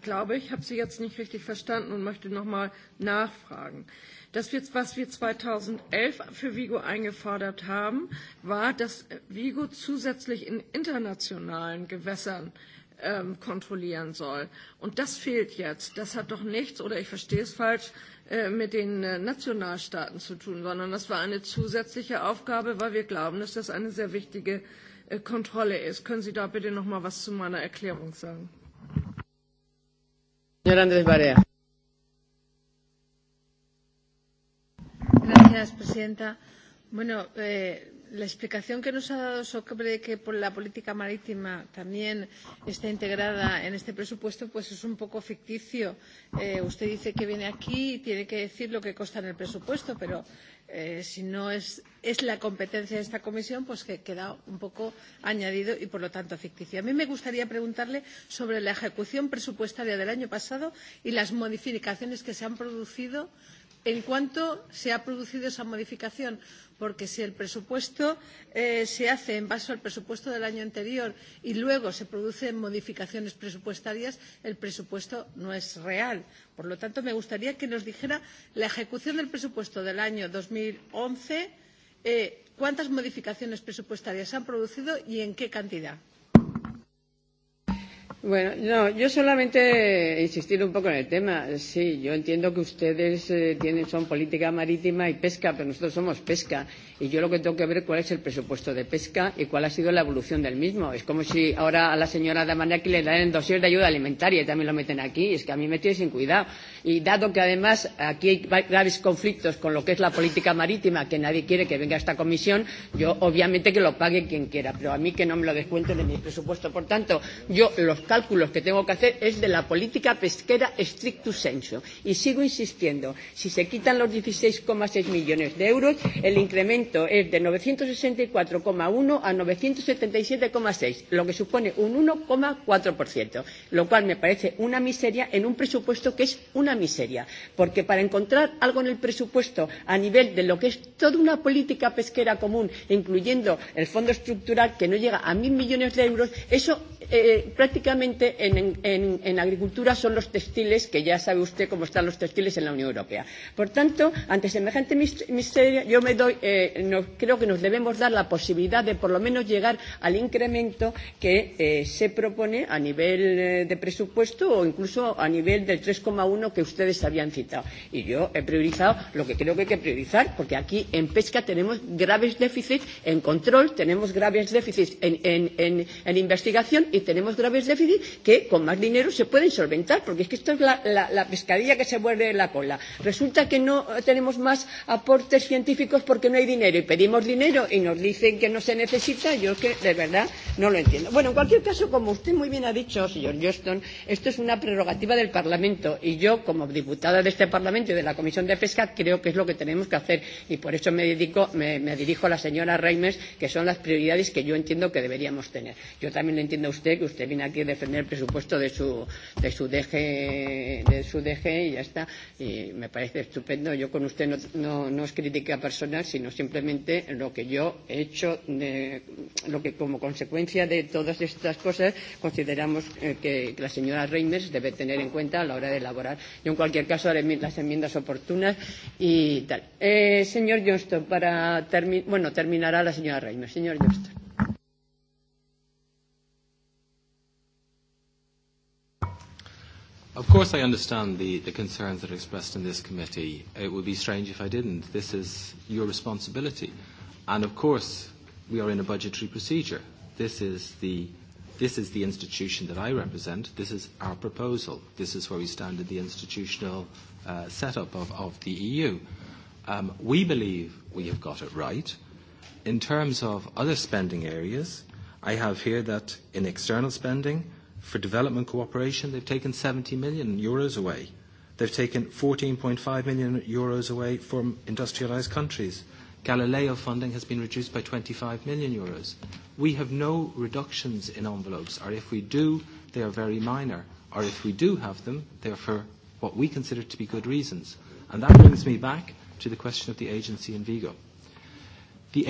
glaube, ich habe Sie jetzt nicht richtig verstanden und möchte noch mal nachfragen. Das, was wir 2011 für Vigo eingefordert haben, war, dass Vigo zusätzlich in internationalen Gewässern kontrollieren soll. Und das fehlt jetzt. Das hat doch nichts, oder ich verstehe es falsch, mit den Nationalstaaten zu tun, sondern das war eine zusätzliche Aufgabe, weil wir glauben, dass das eine sehr wichtige äh, Kontrolle ist. Können Sie da bitte noch mal was zu meiner Erklärung sagen? Señora presidenta. Bueno, eh, la explicación que nos ha dado sobre que la política marítima también está integrada en este presupuesto pues es un poco ficticio. usted dice que viene aquí y tiene que decir lo que consta en el presupuesto, pero si no es, la competencia de esta comisión, pues que queda un poco añadido y por lo tanto ficticio. A mí me gustaría preguntarle sobre la ejecución presupuestaria del año pasado y las modificaciones que se han producido eh, en cuánto se ha producido esa modificación, porque si el presupuesto se hace en base al presupuesto del año anterior y luego se producen modificaciones presupuestarias, el presupuesto no es real. Por lo tanto, me gustaría que nos dijera la ejecución del presupuesto del año dos mil once cuántas modificaciones presupuestarias se han producido y en qué cantidad. Bueno, no, yo solamente insistir un poco en el tema. Sí, yo entiendo que ustedes eh, tienen, son política marítima y pesca, pero nosotros somos pesca. Y yo lo que tengo que ver es cuál es el presupuesto de pesca y cuál ha sido la evolución del mismo. Es como si ahora a la señora Damanaki le dan dosis de ayuda alimentaria y también lo meten aquí. Es que a mí me tiene sin cuidado. Y dado que además aquí hay graves conflictos con lo que es la política marítima, que nadie quiere que venga a esta comisión, yo obviamente que lo pague quien quiera, pero a mí que no me lo descuenten de mi presupuesto. Por tanto, yo los cálculos que tengo que hacer es de la política pesquera stricto sensu. Y sigo insistiendo, si se quitan los 16,6 millones de euros, el incremento es de 964,1 a 977,6, lo que supone un 1,4%, lo cual me parece una miseria en un presupuesto que es una miseria, porque para encontrar algo en el presupuesto a nivel de lo que es toda una política pesquera común, incluyendo el fondo estructural que no llega a mil millones de euros, eso eh, prácticamente solamente en, en, en agricultura son los textiles, que ya sabe usted cómo están los textiles en la Unión Europea. Por tanto, ante semejante misterio, yo me doy, eh, nos, creo que nos debemos dar la posibilidad de por lo menos llegar al incremento que eh, se propone a nivel eh, de presupuesto o incluso a nivel del 3,1 que ustedes habían citado. Y yo he priorizado lo que creo que hay que priorizar, porque aquí en pesca tenemos graves déficits en control, tenemos graves déficits en, en, en, en investigación y tenemos graves déficits Cassidy que con más dinero se pueden solventar, porque es que esto es la, la, la pescadilla que se vuelve la cola. Resulta que no tenemos más aportes científicos porque no hay dinero y pedimos dinero y nos dicen que no se necesita. Yo es que de verdad no lo entiendo. Bueno, en cualquier caso, como usted muy bien ha dicho, señor Johnston, esto es una prerrogativa del Parlamento y yo, como diputada de este Parlamento y de la Comisión de Pesca, creo que es lo que tenemos que hacer y por eso me, dedico, me, me dirijo a la señora Reimers, que son las prioridades que yo entiendo que deberíamos tener. Yo también le entiendo a usted que usted viene aquí de defender el presupuesto de su, de su DG, de su DG y ya está. Y me parece estupendo. Yo con usted no, no, no es crítica personal, sino simplemente lo que yo he hecho, de, lo que como consecuencia de todas estas cosas consideramos que la señora Reimers debe tener en cuenta a la hora de elaborar. Yo en cualquier caso haré las enmiendas oportunas y tal. Eh, señor Johnston, para termi bueno, terminará la señora Reimers. Señor Johnston. Of course, I understand the, the concerns that are expressed in this committee. It would be strange if I didn't. This is your responsibility. And of course, we are in a budgetary procedure. This is the this is the institution that I represent. This is our proposal. This is where we stand in the institutional uh, setup of, of the EU. Um, we believe we have got it right. In terms of other spending areas, I have here that in external spending, For development cooperation, they've taken 70 million euros away. They've taken 14.5 million euros away from industrialized countries. Galileo funding has been reduced by 25 million euros. We have no reductions in envelopes, or if we do, they are very minor, or if we do have them, they are for what we consider to be good reasons. And that brings me back to the question of the agency in Vigo. The,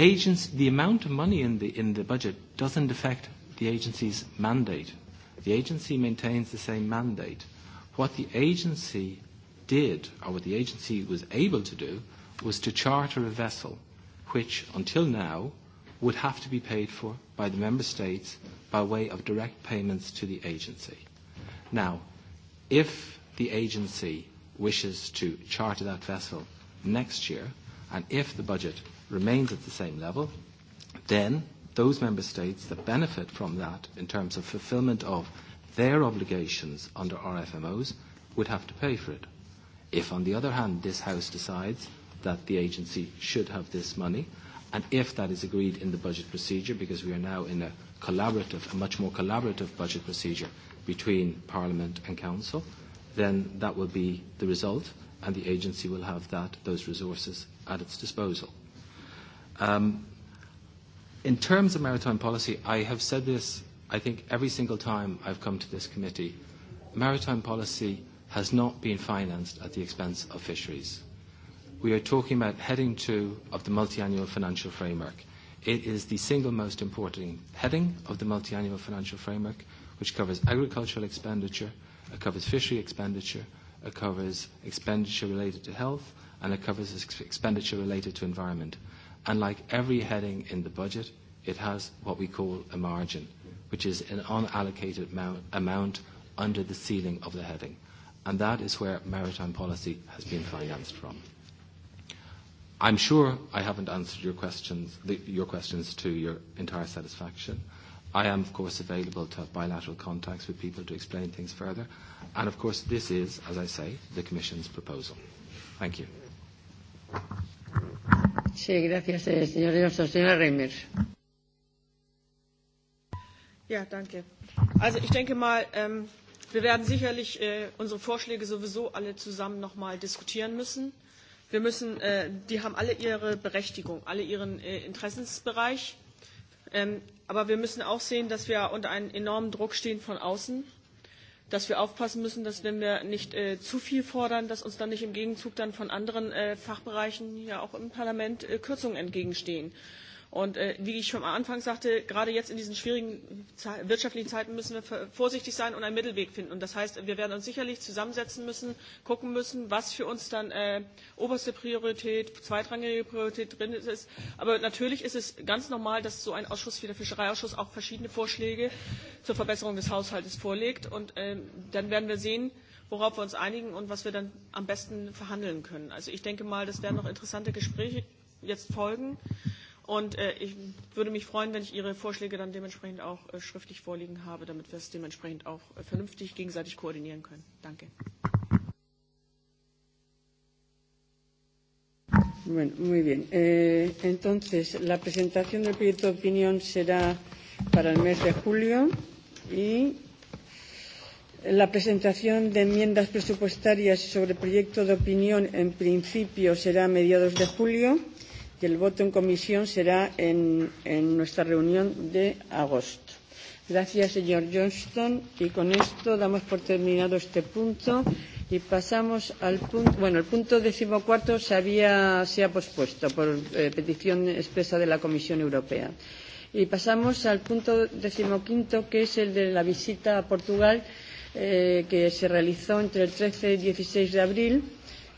the amount of money in the budget doesn't affect the agency's mandate. The agency maintains the same mandate. What the agency did, or what the agency was able to do, was to charter a vessel which, until now, would have to be paid for by the member states by way of direct payments to the agency. Now, if the agency wishes to charter that vessel next year, and if the budget remains at the same level, then those member states that benefit from that in terms of fulfilment of their obligations under RFMOs would have to pay for it. If, on the other hand, this House decides that the agency should have this money, and if that is agreed in the budget procedure, because we are now in a collaborative, a much more collaborative budget procedure between Parliament and Council, then that will be the result, and the agency will have that, those resources at its disposal. Um, In terms of maritime policy, I have said this, I think, every single time I've come to this committee. Maritime policy has not been financed at the expense of fisheries. We are talking about heading two of the multiannual financial framework. It is the single most important heading of the multiannual financial framework, which covers agricultural expenditure, it covers fishery expenditure, it covers expenditure related to health, and it covers expenditure related to environment. And like every heading in the budget, it has what we call a margin, which is an unallocated amount, under the ceiling of the heading. And that is where maritime policy has been financed from. I'm sure I haven't answered your questions, your questions to your entire satisfaction. I am, of course, available to have bilateral contacts with people to explain things further. And, of course, this is, as I say, the Commission's proposal. Thank you. Sí, gracias, señor Johnson. Señora Reimers. Ja, danke. Also ich denke mal, ähm, wir werden sicherlich äh, unsere Vorschläge sowieso alle zusammen nochmal diskutieren müssen. Wir müssen, äh, die haben alle ihre Berechtigung, alle ihren äh, Interessensbereich. Ähm, aber wir müssen auch sehen, dass wir unter einem enormen Druck stehen von außen dass wir aufpassen müssen, dass wenn wir nicht zu viel fordern, dass uns dann nicht im Gegenzug dann von anderen Fachbereichen ja auch im Parlament Kürzungen entgegenstehen. Und äh, wie ich schon am Anfang sagte, gerade jetzt in diesen schwierigen wirtschaftlichen Zeiten müssen wir vorsichtig sein und einen Mittelweg finden. Und das heißt, wir werden uns sicherlich zusammensetzen müssen, gucken müssen, was für uns dann äh, oberste Priorität, zweitrangige Priorität drin ist. Aber natürlich ist es ganz normal, dass so ein Ausschuss wie der Fischereiausschuss auch verschiedene Vorschläge zur Verbesserung des Haushaltes vorlegt. Und äh, dann werden wir sehen, worauf wir uns einigen und was wir dann am besten verhandeln können. Also ich denke mal, das werden noch interessante Gespräche jetzt folgen. Und äh, ich würde mich freuen, wenn ich Ihre Vorschläge dann dementsprechend auch äh, schriftlich vorliegen habe, damit wir es dementsprechend auch äh, vernünftig gegenseitig koordinieren können. Danke. Bueno, muy bien. Eh, entonces, la presentación del proyecto de opinión será para el mes de julio y la presentación de enmiendas presupuestarias sobre el proyecto de opinión, en principio, será a mediados de julio que el voto en comisión será en, en nuestra reunión de agosto. Gracias, señor Johnston. Y con esto damos por terminado este punto y pasamos al punto. Bueno, el punto decimocuarto se, había, se ha pospuesto por eh, petición expresa de la Comisión Europea. Y pasamos al punto decimoquinto, que es el de la visita a Portugal eh, que se realizó entre el 13 y 16 de abril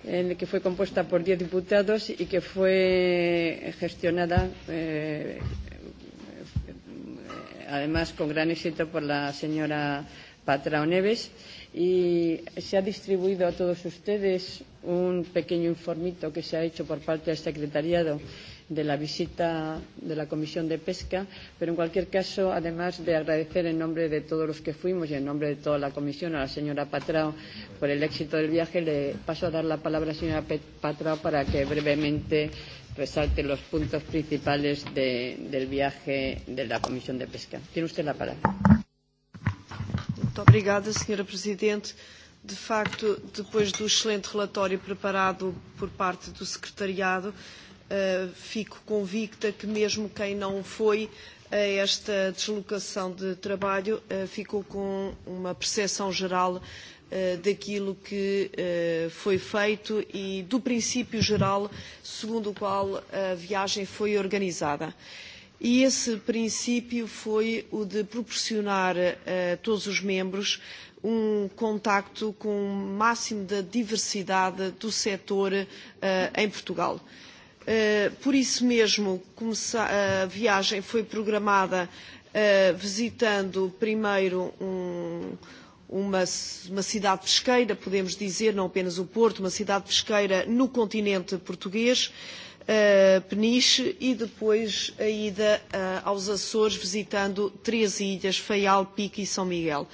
en que fue compuesta por diez diputados y que fue gestionada, eh, además, con gran éxito por la señora Patrao Neves y se ha distribuido a todos ustedes un pequeño informito que se ha hecho por parte del secretariado de la visita de la Comisión de Pesca, pero en cualquier caso, además de agradecer en nombre de todos los que fuimos y en nombre de toda la Comisión a la señora Patrao por el éxito del viaje, le paso a dar la palabra a la señora Patrao para que brevemente resalte los puntos principales de, del viaje de la Comisión de Pesca. Tiene usted la palabra. Muito obrigada, Sra. Presidente. De facto, depois do excelente relatório preparado por parte do Secretariado, fico convicta que mesmo quem não foi a esta deslocação de trabalho ficou com uma percepção geral daquilo que foi feito e do princípio geral segundo o qual a viagem foi organizada. E esse princípio foi o de proporcionar a todos os membros um contacto com o máximo da diversidade do setor em Portugal. Por isso mesmo, a viagem foi programada visitando primeiro um, uma, uma cidade pesqueira, podemos dizer, não apenas o Porto, uma cidade pesqueira no continente português, Peniche e depois a ida aos Açores, visitando três ilhas, Faial, Pique e São Miguel.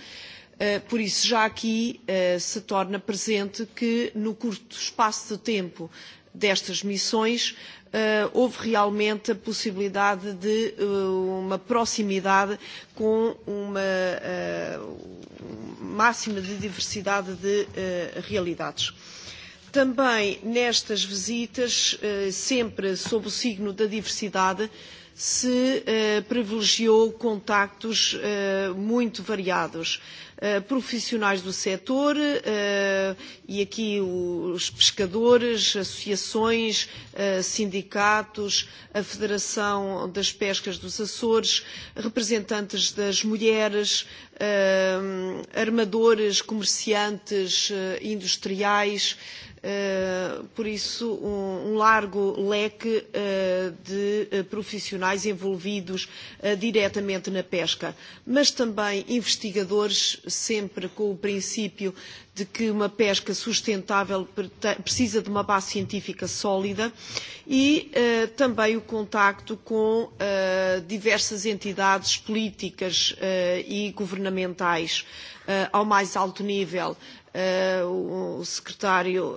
Por isso, já aqui se torna presente que, no curto espaço de tempo destas missões, houve realmente a possibilidade de uma proximidade com uma máxima de diversidade de realidades também nestas visitas, sempre sob o signo da diversidade, se privilegiou contactos muito variados. Profissionais do setor, e aqui os pescadores, associações, sindicatos, a Federação das Pescas dos Açores, representantes das mulheres, armadores, comerciantes, industriais, por isso, um largo leque de profissionais envolvidos diretamente na pesca, mas também investigadores, sempre com o princípio de que uma pesca sustentável precisa de uma base científica sólida e também o contacto com diversas entidades políticas e governamentais ao mais alto nível, o secretário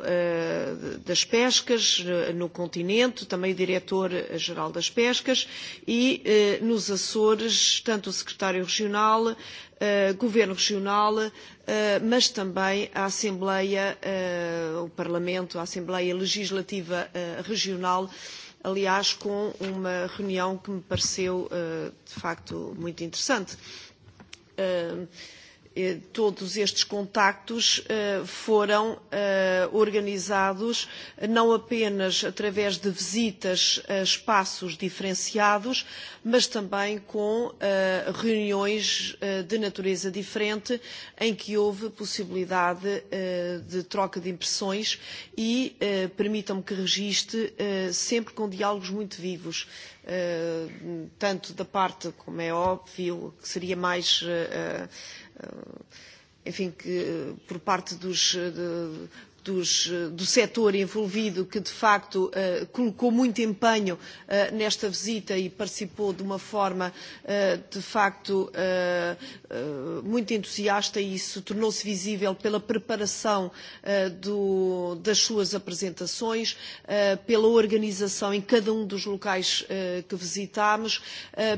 das Pescas no continente, também o diretor-geral das Pescas, e nos Açores, tanto o secretário regional, governo regional, mas também a Assembleia, o Parlamento, a Assembleia Legislativa Regional, aliás, com uma reunião que me pareceu, de facto, muito interessante. Uh, todos estes contactos foram organizados não apenas através de visitas a espaços diferenciados, mas também com reuniões de natureza diferente em que houve possibilidade de troca de impressões e permitam-me que registre sempre com diálogos muito vivos tanto da parte, como é óbvio, que seria mais enfim, que por parte dos, de do setor envolvido que de facto colocou muito empenho nesta visita e participou de uma forma de facto muito entusiasta e isso tornou-se visível pela preparação das suas apresentações, pela organização em cada um dos locais que visitámos,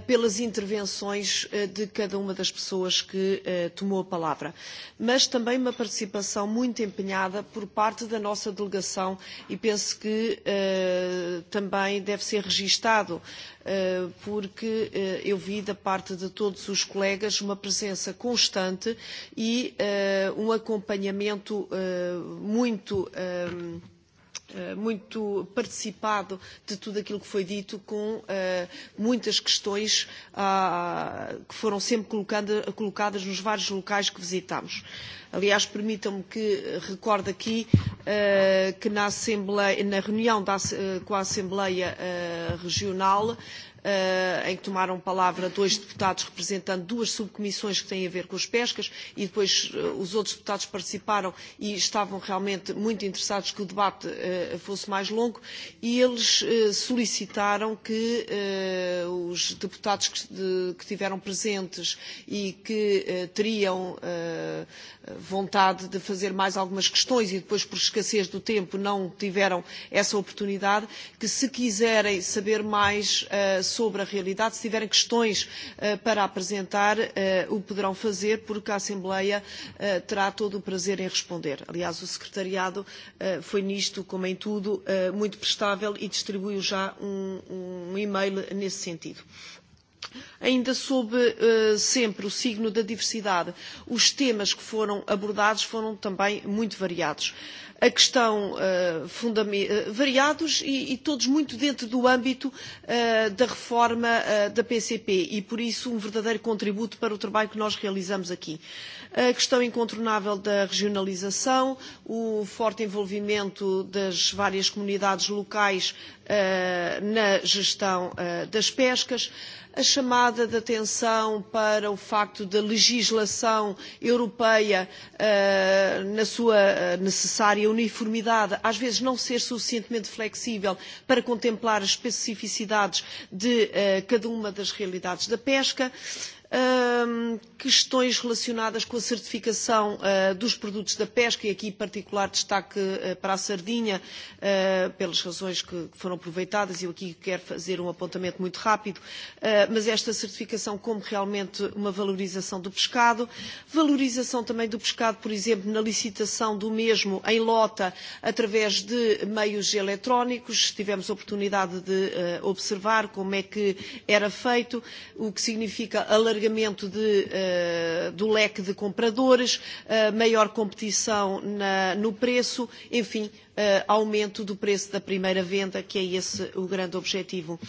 pelas intervenções de cada uma das pessoas que tomou a palavra. Mas também uma participação muito empenhada por parte da nossa delegação e penso que também deve ser registado, porque eu vi da parte de todos os colegas uma presença constante e um acompanhamento muito muito participado de tudo aquilo que foi dito, com muitas questões que foram sempre colocadas nos vários locais que visitámos. Aliás, permitam-me que recorde aqui que na, Assembleia, na reunião da, com a Assembleia Regional em que tomaram palavra dois deputados representando duas subcomissões que têm a ver com as pescas e depois os outros deputados participaram e estavam realmente muito interessados que o debate fosse mais longo e eles solicitaram que os deputados que estiveram presentes e que teriam vontade de fazer mais algumas questões e depois por escassez do tempo não tiveram essa oportunidade, que se quiserem saber mais sobre a realidade. Se tiverem questões para apresentar, o poderão fazer, porque a Assembleia terá todo o prazer em responder. Aliás, o Secretariado foi nisto, como em tudo, muito prestável e distribuiu já um e-mail nesse sentido. Ainda sob sempre o signo da diversidade, os temas que foram abordados foram também muito variados. Uh, a questão variados e, todos muito dentro do âmbito da reforma da PCP e, por isso, um verdadeiro contributo para o trabalho que nós realizamos aqui. A questão incontornável da regionalização, o forte envolvimento das várias comunidades locais na gestão das pescas, a chamada de atenção para o facto da legislação europeia, na sua necessária uniformidade, às vezes não ser suficientemente flexível para contemplar as especificidades de cada uma das realidades da pesca questões relacionadas com a certificação dos produtos da pesca, e aqui em particular destaque para a sardinha, pelas razões que foram aproveitadas, eu aqui quero fazer um apontamento muito rápido, mas esta certificação como realmente uma valorização do pescado, valorização também do pescado, por exemplo, na licitação do mesmo em lota, através de meios eletrónicos, tivemos a oportunidade de observar como é que era feito, o que significa alargar alargamento de, uh, do leque de compradores, uh, maior competição na, no preço, enfim, uh, aumento do preço da primeira venda, que é esse o grande objetivo.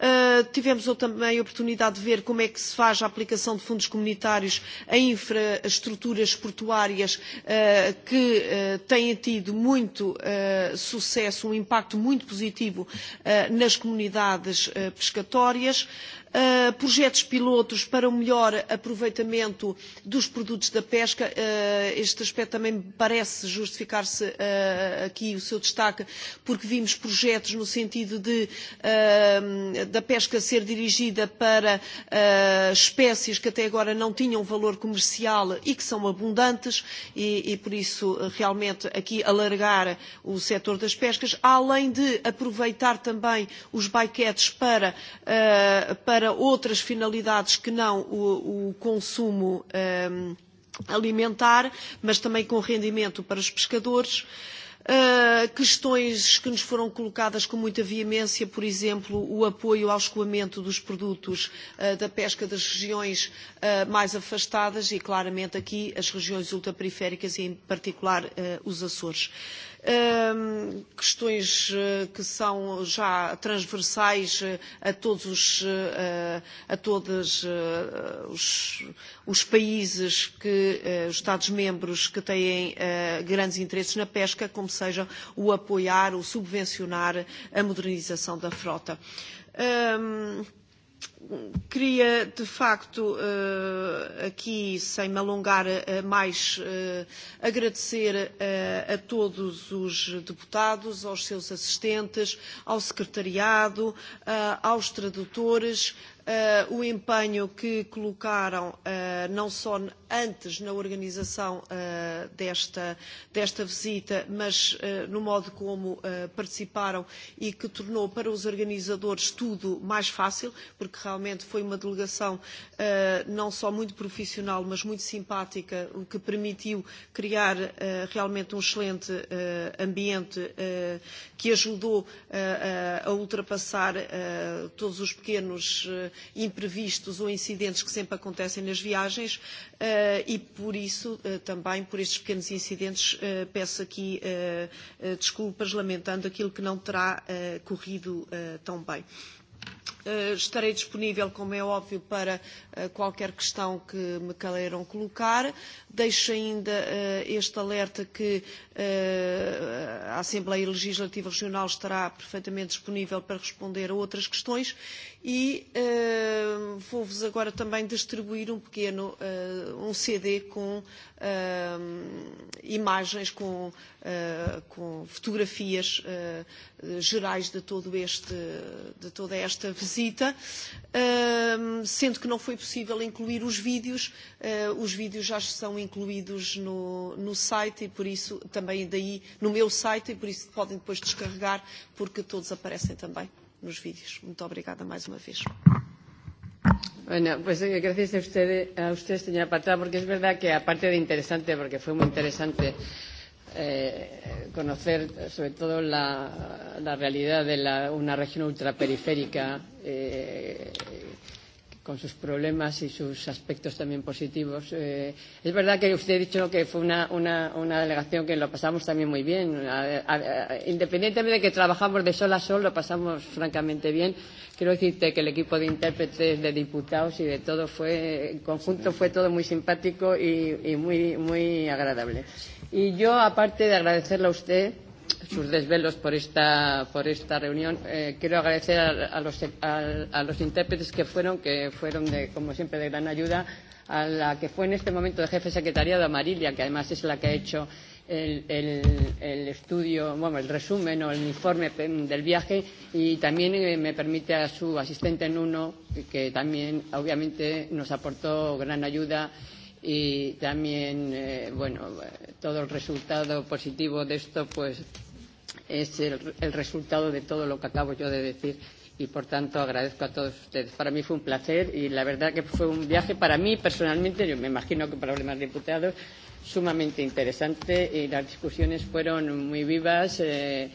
Uh, tivemos também a oportunidade de ver como é que se faz a aplicação de fundos comunitários a infraestruturas portuárias que têm tido muito sucesso, um impacto muito positivo nas comunidades pescatórias. Uh, projetos pilotos para o melhor aproveitamento dos produtos da pesca. Este aspecto também parece justificar-se aqui o seu destaque, porque vimos projetos no sentido de, da pesca ser dirigida para espécies que até agora não tinham valor comercial e que são abundantes e, e por isso realmente aqui alargar o setor das pescas, além de aproveitar também os baquetes para, para para outras finalidades que não o, o consumo um, alimentar, mas também com rendimento para os pescadores. Uh, questões que nos foram colocadas com muita veemência, por exemplo, o apoio ao escoamento dos produtos uh, da pesca das regiões uh, mais afastadas e, claramente, aqui as regiões ultraperiféricas e, em particular, uh, os Açores. Uh, questões que são já transversais a todos os, a todos os, os países que, os Estados-membros que têm grandes interesses na pesca, como seja o apoiar, o subvencionar a modernização da frota. Um, Queria, de facto, aqui, sem me alongar mais, agradecer a todos os deputados, aos seus assistentes, ao secretariado, aos tradutores, o empenho que colocaram não só antes na organização desta, visita, mas no modo como participaram e que tornou para os organizadores tudo mais fácil, porque realmente foi uma delegação não só muito profissional, mas muito simpática, o que permitiu criar realmente um excelente ambiente que ajudou a ultrapassar todos os pequenos imprevistos ou incidentes que sempre acontecem nas viagens e por isso também por estes pequenos incidentes peço aqui desculpas lamentando aquilo que não terá corrido tão bem. Estarei disponível, como é óbvio, para qualquer questão que me queiram colocar. Deixo ainda este alerta que a Assembleia Legislativa Regional estará perfeitamente disponível para responder a outras questões e vou-vos agora também distribuir um pequeno um CD com imagens, com, com fotografias gerais de, todo este, de toda esta visita visita, sendo que não foi possível incluir os vídeos. Os vídeos já estão incluídos no, no site e por isso também daí no meu site e por isso podem depois descarregar porque todos aparecem também nos vídeos. Muito obrigada mais uma vez. Bueno, pues gracias a usted, a usted, señora Patrá, porque es verdad que aparte de interesante, porque fue muy interesante eh, conocer sobre todo la, la realidad de la, una región ultraperiférica eh, con sus problemas y sus aspectos también positivos. Eh, es verdad que usted ha dicho que fue una, una, una delegación que lo pasamos también muy bien. A, a, a, independientemente de que trabajamos de sol a sol, lo pasamos francamente bien. Quiero decirte que el equipo de intérpretes, de diputados y de todo fue, en conjunto fue todo muy simpático y, y muy, muy agradable. Y yo, aparte de agradecerle a usted, sus desvelos por esta, por esta reunión. Eh, quiero agradecer a, a, los, a, a los intérpretes que fueron, que fueron, de, como siempre, de gran ayuda, a la que fue en este momento de jefe secretariado, Amarilia, que además es la que ha hecho el, el, el estudio, bueno, el resumen o el informe del viaje y también me permite a su asistente en uno, que también obviamente nos aportó gran ayuda y también eh, bueno todo el resultado positivo de esto pues es el, el resultado de todo lo que acabo yo de decir y por tanto agradezco a todos ustedes. Para mí fue un placer y la verdad que fue un viaje para mí personalmente, yo me imagino que para los demás diputados, sumamente interesante y las discusiones fueron muy vivas. Eh,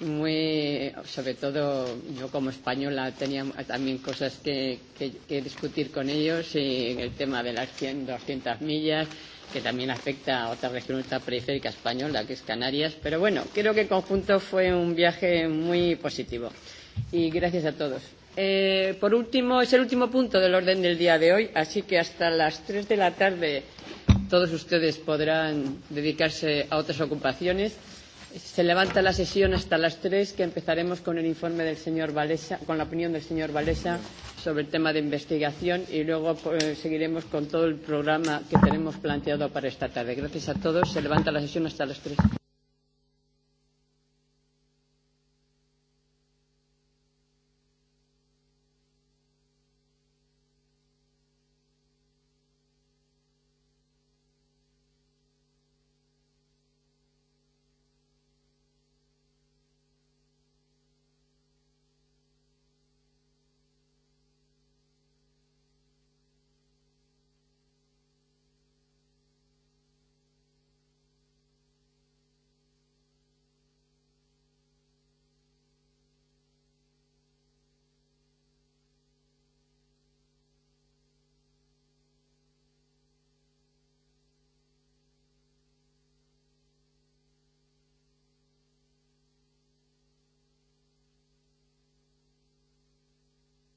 muy, sobre todo yo como española tenía también cosas que, que, que discutir con ellos y el tema de las 100, 200 millas que también afecta a otra región periférica española que es Canarias, pero bueno, creo que en conjunto fue un viaje muy positivo y gracias a todos. Eh, por último, es el último punto del orden del día de hoy, así que hasta las 3 de la tarde todos ustedes podrán dedicarse a otras ocupaciones. Se levanta la sesión hasta las tres, que empezaremos con el informe del señor Valesa, con la opinión del señor Valesa sobre el tema de investigación y luego eh, seguiremos con todo el programa que tenemos planteado para esta tarde. Gracias a todos. Se levanta la sesión hasta las tres.